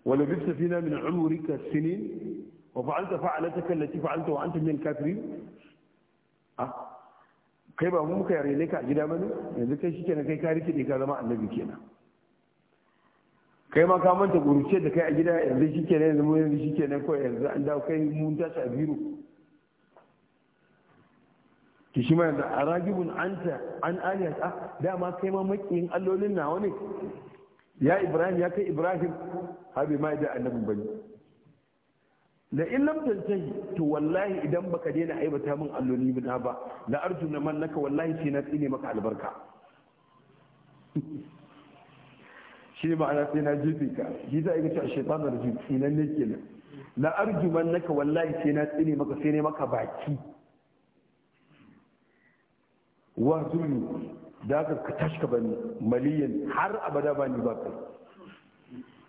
wa labista fina min umrika sinin wa fa'alta fa'alataka allati fa'alta wa anta min kafirin ah kai ba mu muka yare ka a gida bane yanzu kai shikenan kai ka rike ka zama annabi kenan kai ma ka manta gurce da kai a gida yanzu shikenan yanzu mu yanzu shikenan ko yanzu an dawo kai mun tashi a biro ki shi ma yanzu a ragibun anta an aliyat a ah, dama kai ma makiyin allolin nawa ne ya ibrahim ya kai ibrahim habi ma da annabin bane la in lam tantahi to wallahi idan baka daina aibata min alloli na ba la na man naka wallahi sai na tsine maka albarka <laughs> shi ne ma'ana sai na jefe ka shi za a yi a shaitan da jifi nan ne kenan la man naka wallahi sai na tsine maka sai ne maka baki wa ne da ka tashka ba maliyan har abada ba ni ba kai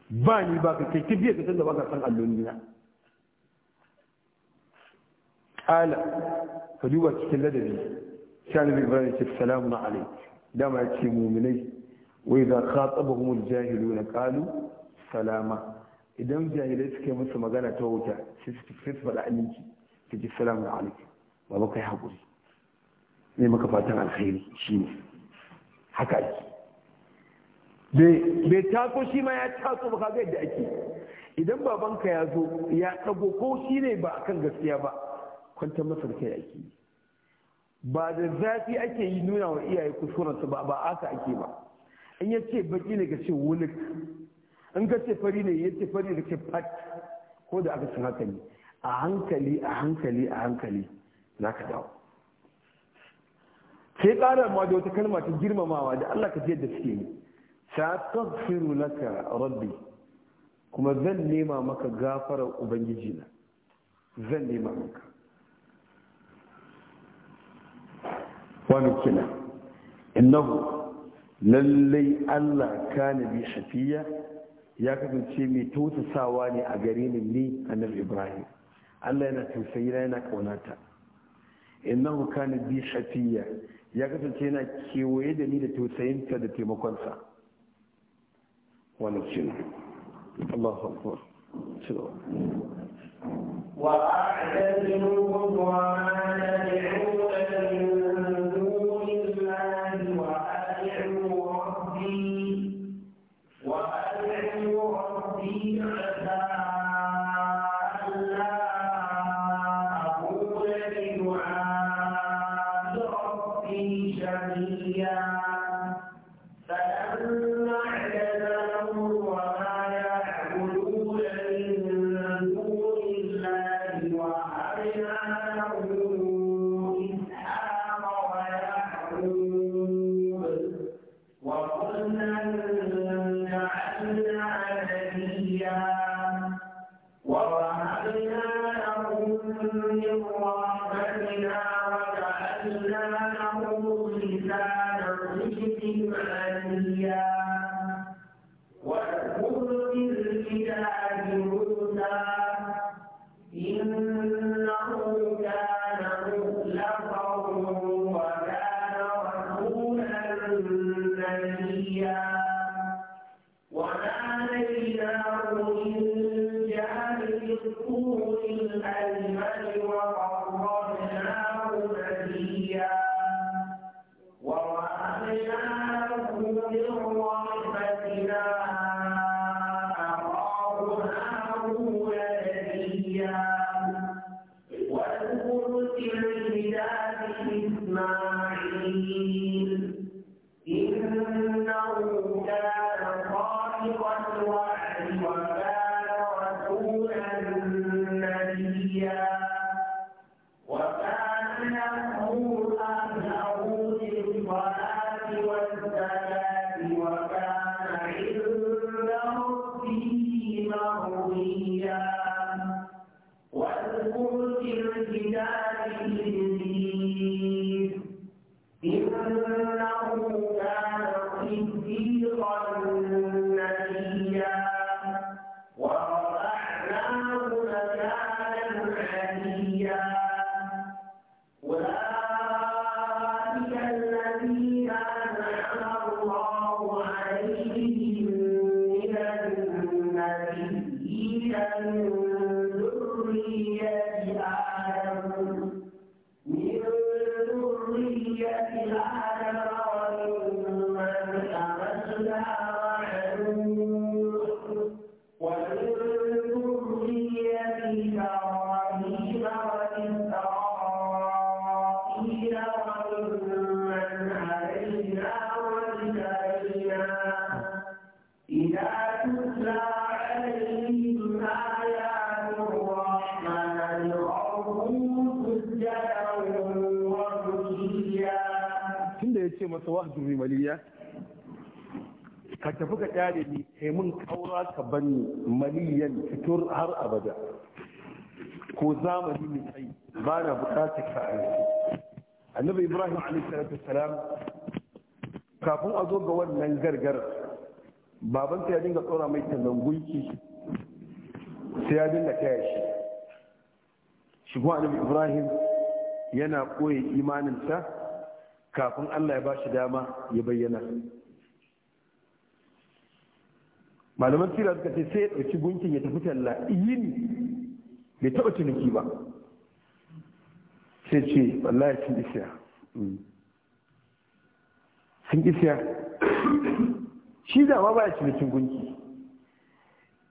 ba ni ba kai kai biya ka san da ba ka san allon nuna ala ka duba cikin ladabi shani bin ibrahim ce salamun alaikum dama ya ce muminai wai za ka tsaba humul jahilu na kalu salama idan jahilai suka yi musu magana ta wuta sai su faɗa aminci ta ji salamun alaikum ba ba yi haƙuri ne maka fatan alkhairi ne haka ake bai tako shi ma ya taso ba kaga yadda ake idan babanka ya zo ya ɗago ko shi ne ba kan gaskiya ba kwantar masa kai ake ba da zafi ake yi nuna wa iyaye kusuransu ba ba aka ake ba in ya ce baki ne ka ce wulik in ka ce fari ne ya ce fari ka ce fat ko da aka san haka ne a hankali a hankali a hankali za ka dawo sai ƙara ma da wata kalma ta girmamawa da Allah ka da suke yi na laka rabbi kuma zan nema maka gafarar ubangiji na zan nema maka wani kina innahu lallai Allah na bi shafiya ya kasance mai tausasawa ne a gare ni ni annabi Ibrahim Allah yana tausayina yana kaunata innahu kana bi shafiya ya kasance yana kewaye da ni da tausayinta da taimakonsa wani cin Allah akbar wa a a'tadilu kuma Otherwise, buga ka kyale ni kai mun kaura ka banni maliyan fitur har abada ko zamani mai tsayi ba na bukata ka annabi ibrahim alaihi salatu salam kafin a zo ga wannan gargar baban ya dinga tsora mai tallan gunki sai ya dinga taya shi shigo annabi ibrahim yana koyi imaninsa kafin allah ya ba shi dama ya bayyana malaman sira suka ce sai ya ɗauki gunkin ya tafi talla yin bai taɓa ciniki ba sai ce wallahi sun isiya mm. sun isiya shi da ma baya cinikin gunki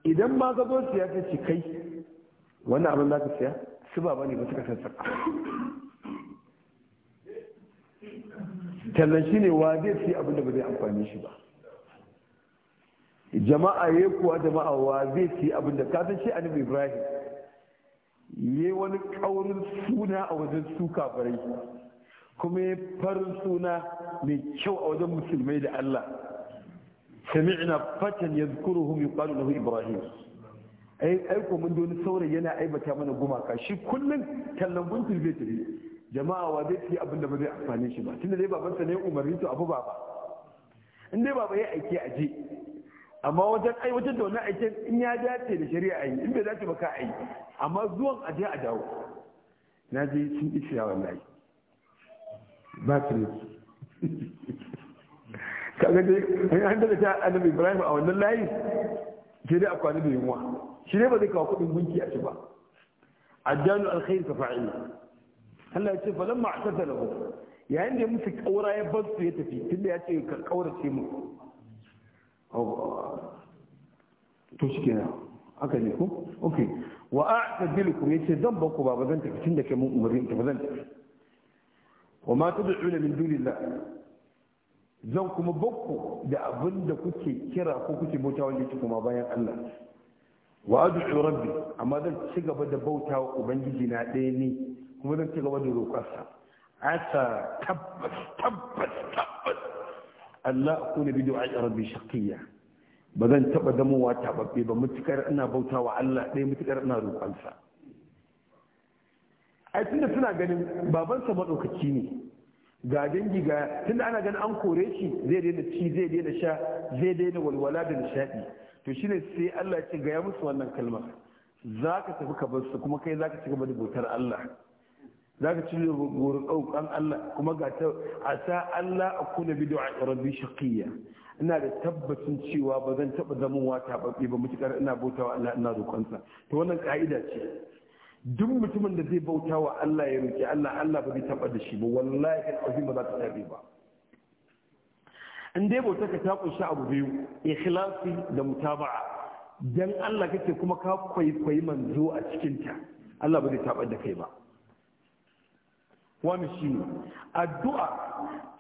idan ma ka zo siya ta ce kai wannan abin za ka siya su ba bane ba suka saka tallan shi ne wa zai siya abin da ba zai amfani shi ba jama'a ya kuwa jama'a wa zai ci abin da kasan shi annabi ibrahim ya wani kaurin suna a wajen su kafirai kuma ya farin suna mai kyau a wajen musulmai da allah sami'na fatan yadhkuruhum yuqalu lahu ibrahim ai aiko mun doni saurayi yana aibata mana gumaka shi kullum tallan guntun zai tafi jama'a wa zai ci abin da ba zai amfane shi ba tunda dai babansa ne umarni to abu baba in dai baba ya aike je. amma wajen aiwatar da wani aikin in ya dace da shari'a ayi in bai dace ba ka ayi amma zuwan a je a dawo na je sun ishiya wallahi ba su ne <laughs> kaga dai an daga ta annabi ibrahim a wannan layi ke da akwai da yunwa shi ne ba zai kawo kuɗin gunki a ci ba addanu alkhair ka fa'ila Allah ya ce falamma da lahu yayin da musu kaura ya bar su ya tafi tunda ya ce ka kaurace mu to shi kenan aka ne ko ok wa a tsaddilukum ya ce zan baku ba ba zan tafi tun da ke mun umarni ta ba zan tafi wa ma tad'una min dunillah zan kuma bakku da abin da kuke kira ko kuke bauta wanda yake kuma bayan Allah wa ad'u rabbi amma zan ci gaba da bauta wa ubangiji na ɗaya ne kuma zan ci gaba da roƙarsa asa tabbas tabbas tabbas Allah ku ne bi a rabbi shaqiyya ba zan taba damowa tababbe ba mutukar ina bauta wa Allah ɗaya mutukar ina roƙonsa ai tunda suna ganin babansa madaukaki ne ga dangi ga tunda ana ganin an kore shi zai daina ci zai daina sha zai daina walwala da nishaɗi to shine sai Allah ya ce ga ya musu wannan kalmar za ka tafi ka bar su kuma kai za ka ci gaba da bautar Allah za ka ci gori ɗaukan Allah kuma ga ta a sa Allah a kuna bidiyo a rabbi shaƙiyya ina da tabbacin cewa ba zan taɓa zamowa taɓaɓɓe ba matuƙar ina bautawa Allah ina roƙonsa to wannan ƙa'ida ce duk mutumin da zai bauta wa Allah ya roƙi Allah Allah ba zai taɓa da shi ba wallahi kan ƙarfi ba za ta taɓe ba in dai bauta ka ta kunshi abu biyu ikhlasi da mutaba'a dan Allah kake kuma ka kwaikwayi manzo a cikinta Allah ba zai taɓa da kai ba wani shi ne addu'a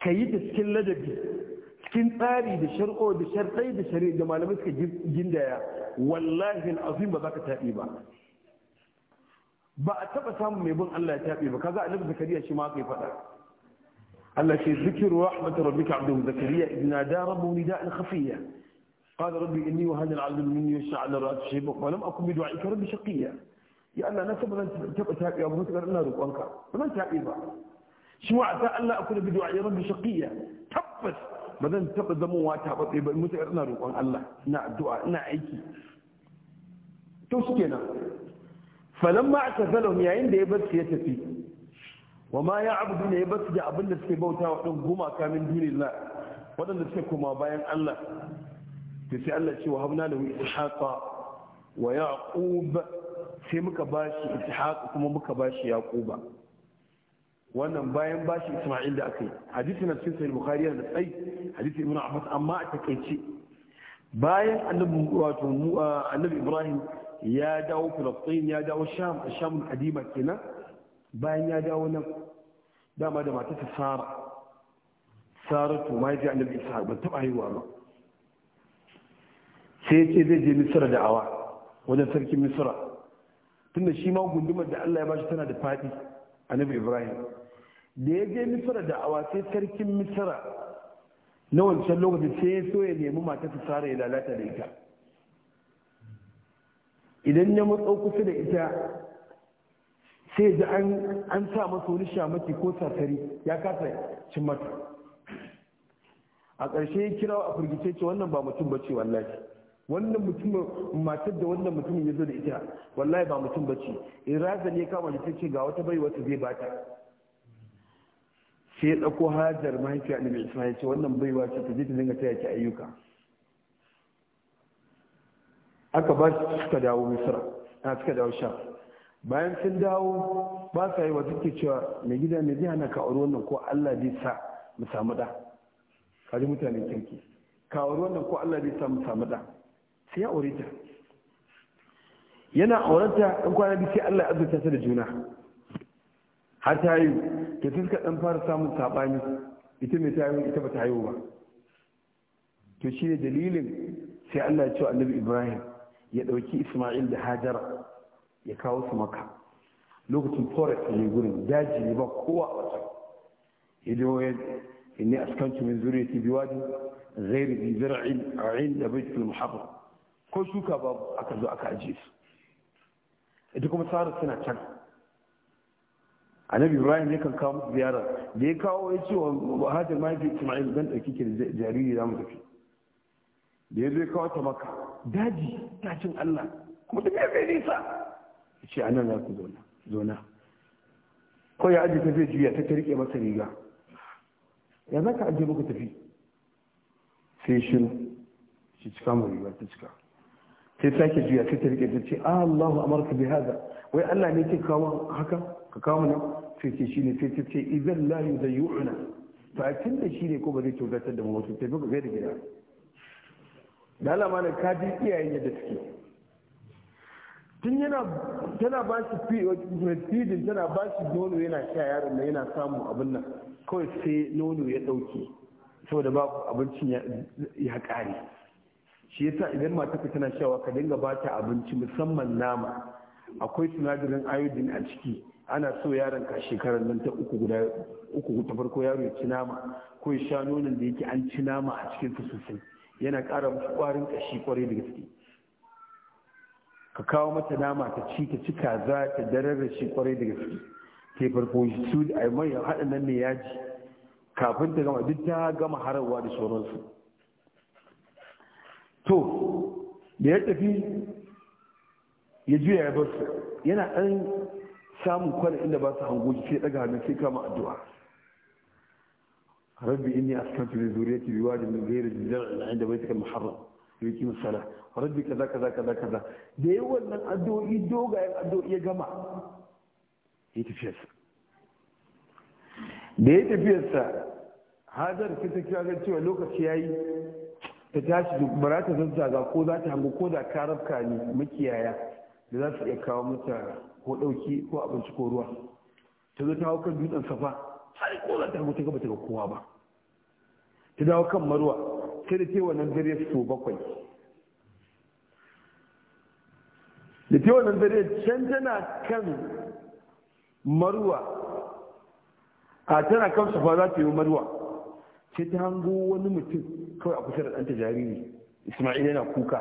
ka yi ta cikin ladabi cikin tsari da shar'o da sharɗai da shari'a da malamai suka gindaya wallahi al'azim ba za ka taɓe ba ba a taɓa samun mai bin Allah ya taɓe ba kaga annabi zakariya shi ma kai faɗa Allah ce zikiru rahmat rabbika abdu zakariya idh nada rabbuhu nida'an khafiyya qala rabbi inni wa hadha al'azmu minni wa sha'ala ra'su shayba wa lam akun bi du'a'ika rabbi shaqiya ya Allah na saba zan taɓa taɓewa ba mutuƙar ina roƙonka ba zan taɓe ba shi wa ta Allah aku da bidu a yaran bishaqiyya tabbas ba zan taɓa zamowa taɓaɓe ba mutuƙar ina roƙon Allah ina addu'a ina aiki to shi kenan falamma atazalahum yayin da ya bar su ya tafi wa ma ya abu ne ya bar su da abin da suke bauta wa ɗin gumaka min dunillah waɗanda suke koma bayan Allah to sai Allah ce wa habna lahu ishaqa wa yaqub sai muka bashi ishaq kuma muka bashi yaquba wannan bayan bashi isma'il da yi hadisi na cikin sahih bukhari da sai hadisi ibnu abbas amma a takeice bayan annabi wato annabi ibrahim ya dawo filistin ya dawo sham sham kadima kenan bayan ya dawo nan dama da matarsa sara saratu ma ji annabi isa ban taba haihuwa ba sai ya ce zai je misra da awa wajen sarkin misra tunda shi ma gundumar da Allah ya bashi tana da faɗi annabi Ibrahim da ya je Misra da awa sai sarkin Misra na wancan lokacin sai ya so ya nemi mata ta Sara ya lalata da ita idan ya matso kusa da ita sai ji an sa masa wani shamaki ko satari ya kasa cin mata a ƙarshe ya kira a firgice ce wannan ba mutum ba ce wallahi wannan mutumin matar da wannan mutumin ya zo da ita wallahi ba mutum bace iraza ne kama da ce ga wata bai wata zai bata sai ya dauko hajar mahaifiya annabi isa ya ce wannan baiwa wata ta je ta dinga taya ki ayyuka aka ba su suka dawo misra a suka dawo sha bayan sun dawo ba sa yi wa ke cewa mai gida mai zai hana ka auri wannan ko allah zai sa mu samu da kaji mutane kirki ka auri wannan ko allah zai sa mu samu da sai ya aure ta yana aurenta ɗan kwana biyu sai Allah ya azurta ta da juna har ta yi to fuska ɗan fara samun saɓani ita mai ta ita ba ta haihu ba to shi ne dalilin sai Allah ya ce annabi Ibrahim ya ɗauki Ismail da Hajara ya kawo su maka lokacin forest ne gurin daji ne ba kowa a wajen ya je wajen inni askantu min biwadi ghairi bi zar'in a'in da baitul muharram ko shuka babu aka zo aka ajiye su ita kuma tsara suna can annabi ibrahim ya kan kawo musu ziyara da ya kawo ya ce wa hajjar mahaifi ismail zan ɗauki ki da jariri za mu tafi da ya zo ya kawo ta maka daji ta cin allah kuma da ya zai nisa ya ce annan za ku zauna zauna ko ya ajiye ta zai juya ta ta rike masa riga ya za ka ajiye muku tafi sai shi shi cika mu riga ta cika sai sake juya sai ta rike ta ce allahu Allahu amarka bi hada wai Allah ne ke kawo haka ka kawo mana sai ce shine sai ta ce idan la yudayuna fa tun da shine ko ba zai taugatar da mu wato sai muka gaida gida da Allah ma ka ji iyayen yadda suke tun yana tana ba shi feeding tana ba shi nono yana sha yaron nan yana samu abin nan kawai sai nono ya dauke saboda babu abincin ya kare shi yasa idan ka tana shawa ka dinga ba ta abinci musamman nama akwai sinadarin iodine a ciki ana so yaron ka shekarar nan ta uku guda uku ta farko yaro ya ci nama ko ya sha nonon da yake an ci nama a cikin sosai yana ƙara musu ƙwarin ƙashi ƙwarai da gaske ka kawo mata nama ta ci ta ci kaza ta darar shi kwarai da gaske ke farko su a mai haɗa nan ne yaji kafin ta gama duk ta gama harawa da sauransu to da ya tafi ya juya ya bar su yana ɗan samun kwana inda ba su hango sai daga hannun sai kama addu'a rabbi inni askantu li zuriyati bi wadin min ghairi zar'in 'inda baytikal muharram yuqim as-salah rabbi kaza kaza kaza kaza da yi wannan addu'o'i dogayen addu'o'i ya gama ya tafiyarsa da ya tafiyarsa hajar sai ta kira cewa lokaci yayi ta tashi bara ta zazzaga ko za ta hango ko da ka ne makiyaya da za su iya kawo mata ko ɗauki ko abinci ko ruwa ta zo ta hau kan dutsen safa har ko za ta hango ta gaba ta ga kowa ba ta dawo kan marwa sai da tewa nan dare su bakwai da tewa nan dare can tana kan marwa a tana kan safa za ta yi marwa sai ta hango wani mutum kawai a kusa da ɗanta jariri ismail yana kuka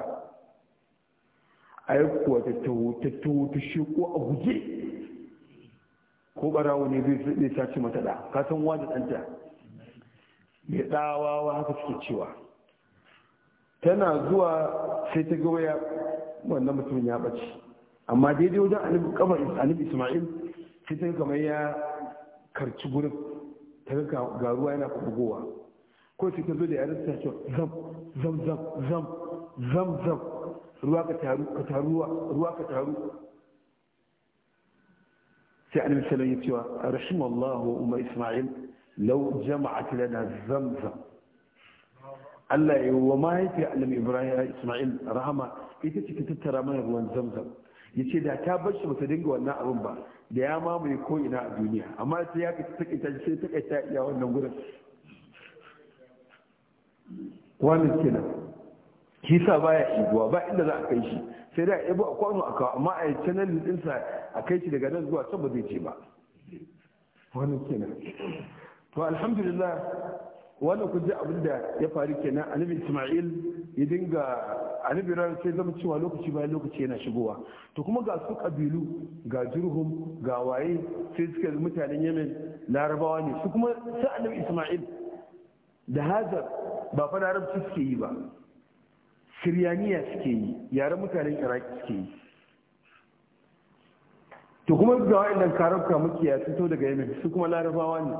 a yi kuwa ta taho ta taho a guje ko ɓarawo ne zai sace mata da ka san wani ɗanta mai ɗawawa haka suke cewa tana zuwa sai ta gawaya wannan mutumin ya ɓace amma daidai wajen annabi kamar annabi ismail sai ta kamar ya karci gurin ta ga garuwa yana gowa ko ta zo da yaran ta zam zam zam zam zam zam ruwa ka taru ka taru ruwa ka taru sai annabi sallallahu alaihi wasallam ya ce rahimallahu umma isma'il law jama'at lana zamzam Allah ya yi wa mahaifi annabi Ibrahim Isma'il rahama ita ce ta tattara mana ruwan zamzam ce da ta bar shi ba ta dinga wannan abin ba da ya mamaye ko ina a duniya amma sai ya ka ta kaita sai ta kaita iya wannan gurin wa kina shi sa baya iguwa ba inda za a kai shi sai da ya bu a kwano a kawo amma a yi canalin ɗinsa a kai shi daga nan zuwa can ba zai ce ba wani kenan to alhamdulillah wannan kun ji abin da ya faru kenan annabi isma'il ya dinga anabi ran sai zama cewa lokaci bayan lokaci yana shigowa to kuma ga su kabilu ga jurhum ga waye sai suka mutanen yemen larabawa ne su kuma sai annabi isma'il da hazar ba fa larabci suke yi ba siriyaniya suke yi yaren mutanen iraki suke yi to kuma ga wa'annan karabka muke sun fito daga yamin su kuma larabawa ne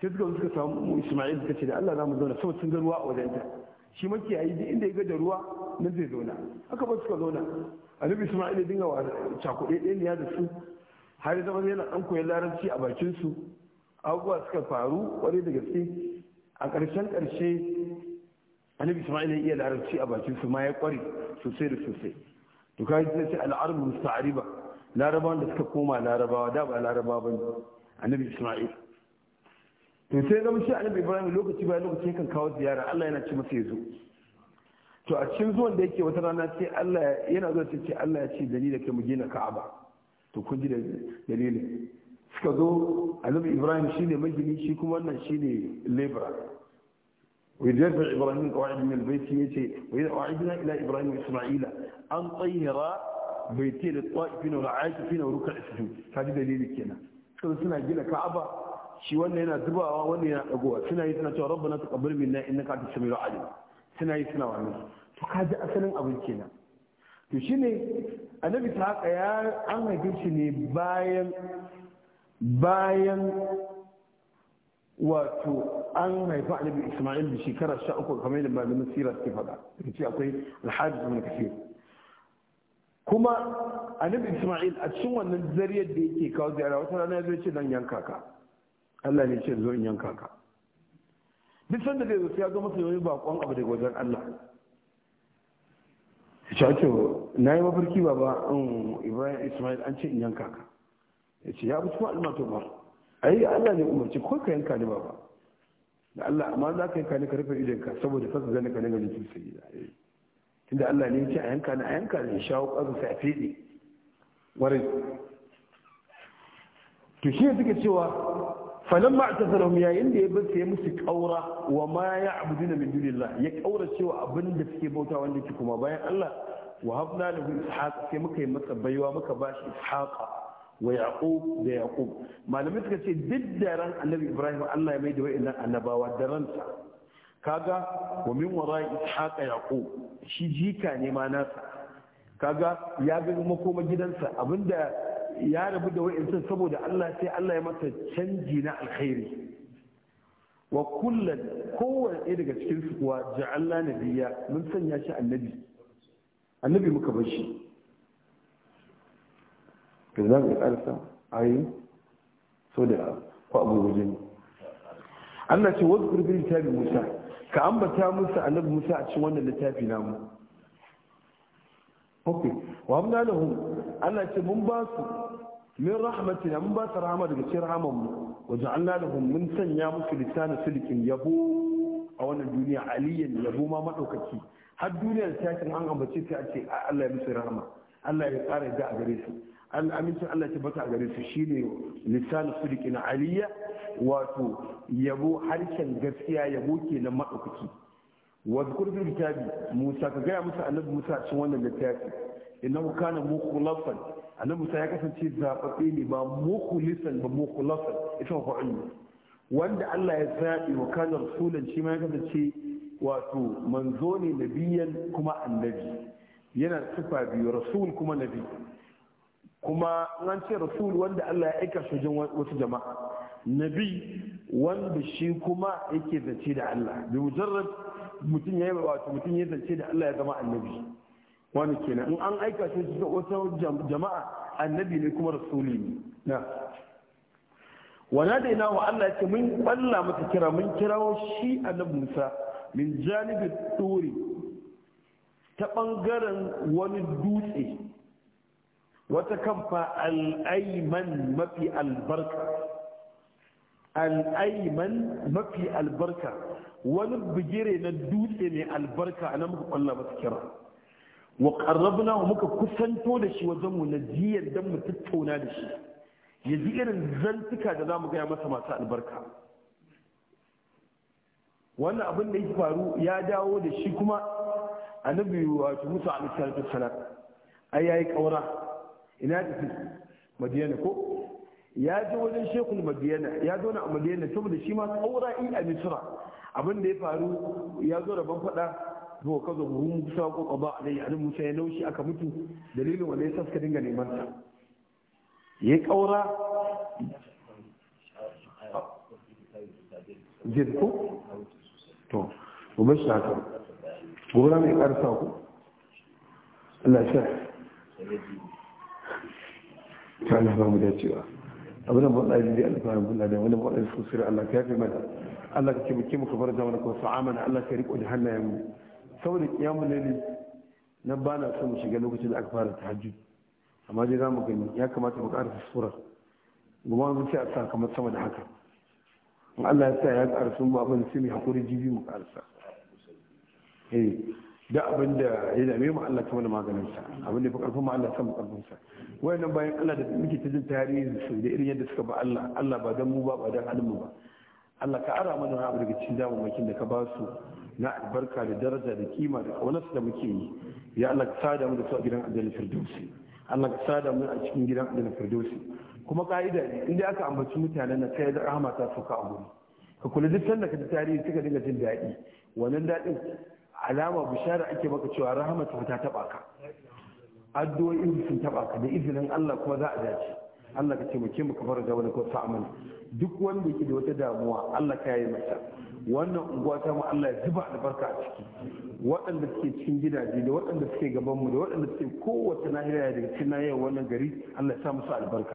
sai suka suka samu isma'il suka ce da allah za mu zauna saboda sun ga ruwa a wajenta shi makiyayi duk inda ya ga da ruwa nan zai zauna haka ba suka zauna annabi isma'il ya dinga cakuɗe ɗaya da su har zama yana an koyi larabci a bakin su abubuwa suka faru kwarai da gaske a ƙarshen ƙarshe annabi isma'il ya iya larabci a bakin su ma ya ƙware sosai da sosai to kai sai al'arabu musta'ariba larabawan da suka koma larabawa da ba larabawa ne, annabi isma'il to sai zama shi annabi ibrahim lokaci bayan lokaci yakan kawo ziyara Allah yana ce masa yazo to a cikin zuwan da yake wata rana sai Allah yana zuwa sai ce Allah ya ce ni da kai mu gina Ka'aba to kun ji da dalilin suka zo annabi ibrahim shine magini shi kuma wannan shine labor ويرجع إبراهيم القواعد من البيت يتي وإذا أعدنا إلى إبراهيم وإسماعيل أن طهر بيتي للطائفين والعاكفين وركع السجود هذا دليل كنا كذا سنة جينا كعبة شي وانا هنا دبا وانا هنا أقوى سنة يتنا ربنا تقبل منا إنك عبد السميع العليم سنة يتنا وعمل فهذا أصلا أبو كنا to shi ne annabi ta haka ya an haife shi ne bayan bayan wato an haifa annabi isma'il da shekara sha uku kamar yadda malamin sirar ke faɗa daga ce akwai alhaji ibn kafir kuma annabi isma'il a cikin wannan zariyar da yake kawo ziyara wata rana ya zo ce dan yanka ka Allah ne ce zo in yanka ka duk sanda da zai ya zo masa yayi bakon abu daga wajen Allah ya ce na yi mafarki baba um, ibrahim isma'il an ce in yanka ka ya ce ya bi cikin al'umma to ba ai Allah ne umarci ko ka yanka ni baba da Allah amma za ka yanka ni ka rufe ka saboda kasa gani ka dinga jin sai da tunda Allah ne ya ce a yanka ni a yanka ni shawo ƙasa sai a fede warai to shi suke cewa falan ma ta ya yayin da ya bar sai musu kaura wa ma ya'buduna min dunillah ya kaura cewa abin da suke bauta wanda ke kuma bayan Allah wa habna lahu ishaq sai muka yi masa baiwa muka bashi ishaqa wa yaqub da yaqub malamai suka ce duk da ran annabi ibrahim Allah ya mai da wa'annan annabawa da ransa kaga wa min wara ishaqa yaqub shi jika ne ma nasa kaga ya ga kuma gidansa abinda ya rabu da wa'annan saboda Allah sai Allah ya masa canji na alkhairi wa kullal kowane ɗaya daga cikin su kuwa ja'alna nabiyya mun sanya shi annabi annabi muka bar shi to za mu ƙarsa ayi so da ku abu wajen Allah ce wasu gurbin littafin Musa ka ambata Musa annabi Musa a cikin wannan littafi namu ok wa amna lahu Allah ce mun ba su min rahmatina mun ba su rahama daga cikin rahaman mu wa ja'alna lahum mun sanya musu litana silkin yabo a wannan duniya aliyan yabo ma madaukaki har duniyar ta an ambace ta a ce Allah ya musu rahama Allah ya ƙara da a gare su an amincin Allah ta bata a gare su shine lisan sudiqin aliyya wato yabo harshen gaskiya yabo ke na maɗaukaki zkur kurfin kitabi Musa ka gaya masa annabi Musa cin wannan littafi innahu kana mukhlafan annabi Musa ya kasance zafafe ne ba mukhlisan ba lafan, ita ku ilmi wanda Allah ya zabi wa kana rasulan shi ma ya kasance wato manzo ne nabiyan kuma annabi yana sifa biyu rasul kuma nabi kuma an ce rasul wanda Allah ya aika shi wajen wata jama'a nabi wanda shi kuma yake zance da Allah bi mujarrad mutum yayi wato mutum yayi zance da Allah ya zama annabi wani kenan in an aika shi wajen wata jama'a annabi ne kuma rasuli ne na wana da ina wa Allah ya ce mun balla mata kira mun kirawo shi annabi Musa min janibi turi ta bangaren wani dutse wata kamfa al'aiman mafi albarka al'aiman mafi albarka wani bigire na dutse mai albarka a nan muka kwalla masa kira wa ƙarrabna muka kusanto da shi wajen mu na jiyar don mu tattauna da shi ya ji irin zantuka da za mu gaya masa masu albarka wannan abin da ya faru ya dawo da shi kuma annabi wato musa alaihi salatu salam ai yayi kaura ina da su madiyana ko ya ji wajen shekul madiyana ya zo na madiyana saboda shi ma in a misra abin da ya faru ya zo rabon faɗa to ka zo buhun musa ko qada alai an musa ya naushi aka mutu dalilin wanda ya saska dinga neman ta ya kaura to shi haka gora mai karsa ku Allah shi ta Allah ba mu dacewa abin da motsa da alfaharin bunna da wani motsa sosai Allah ka yafe mana Allah ka taimake mu ka bar zamana ko sa'amana Allah ka riko da hannayen saboda kiyamu ne na ba na son shiga lokacin da aka fara tahajjud amma dai zamu gani ya kamata mu karasa surar goma mun ce a sa kamar sama da haka in Allah ya sa ya karasa mu abin sai mu hakuri jibi mu karasa eh da abin da ya dame mu Allah ta wani maganin sa abin da ya fi karfin mu Allah ta mu karfin sa wayannan bayan Allah da muke ta jin tarihi su da irin yadda suka ba Allah Allah ba dan mu ba ba dan halin mu ba Allah ka ara mana abu daga cikin makin da ka ba su na albarka da daraja da kima da kaunar da muke yi ya Allah ka sada mu da su a gidan aljanna firdausi Allah ka sada mu a cikin gidan aljanna firdausi kuma ka'ida ne inda aka ambaci mutanen na sai da rahama ta sauka a gurin ka kula duk sanda ka ji tarihi suka dinga jin daɗi wannan daɗin alama bishara ake maka cewa rahamatu ta taba ka addu'o'in sun taba ka da izinin Allah kuma za a dace Allah ka taimake mu kafar da wani ko duk wanda yake da wata damuwa Allah ka yi masa wannan unguwa ta mu Allah ya zuba albarka a ciki waɗanda suke cikin gidaje da waɗanda suke gaban mu da waɗanda suke kowace nahiya daga cikin nahiyar wannan gari Allah ya sa musu albarka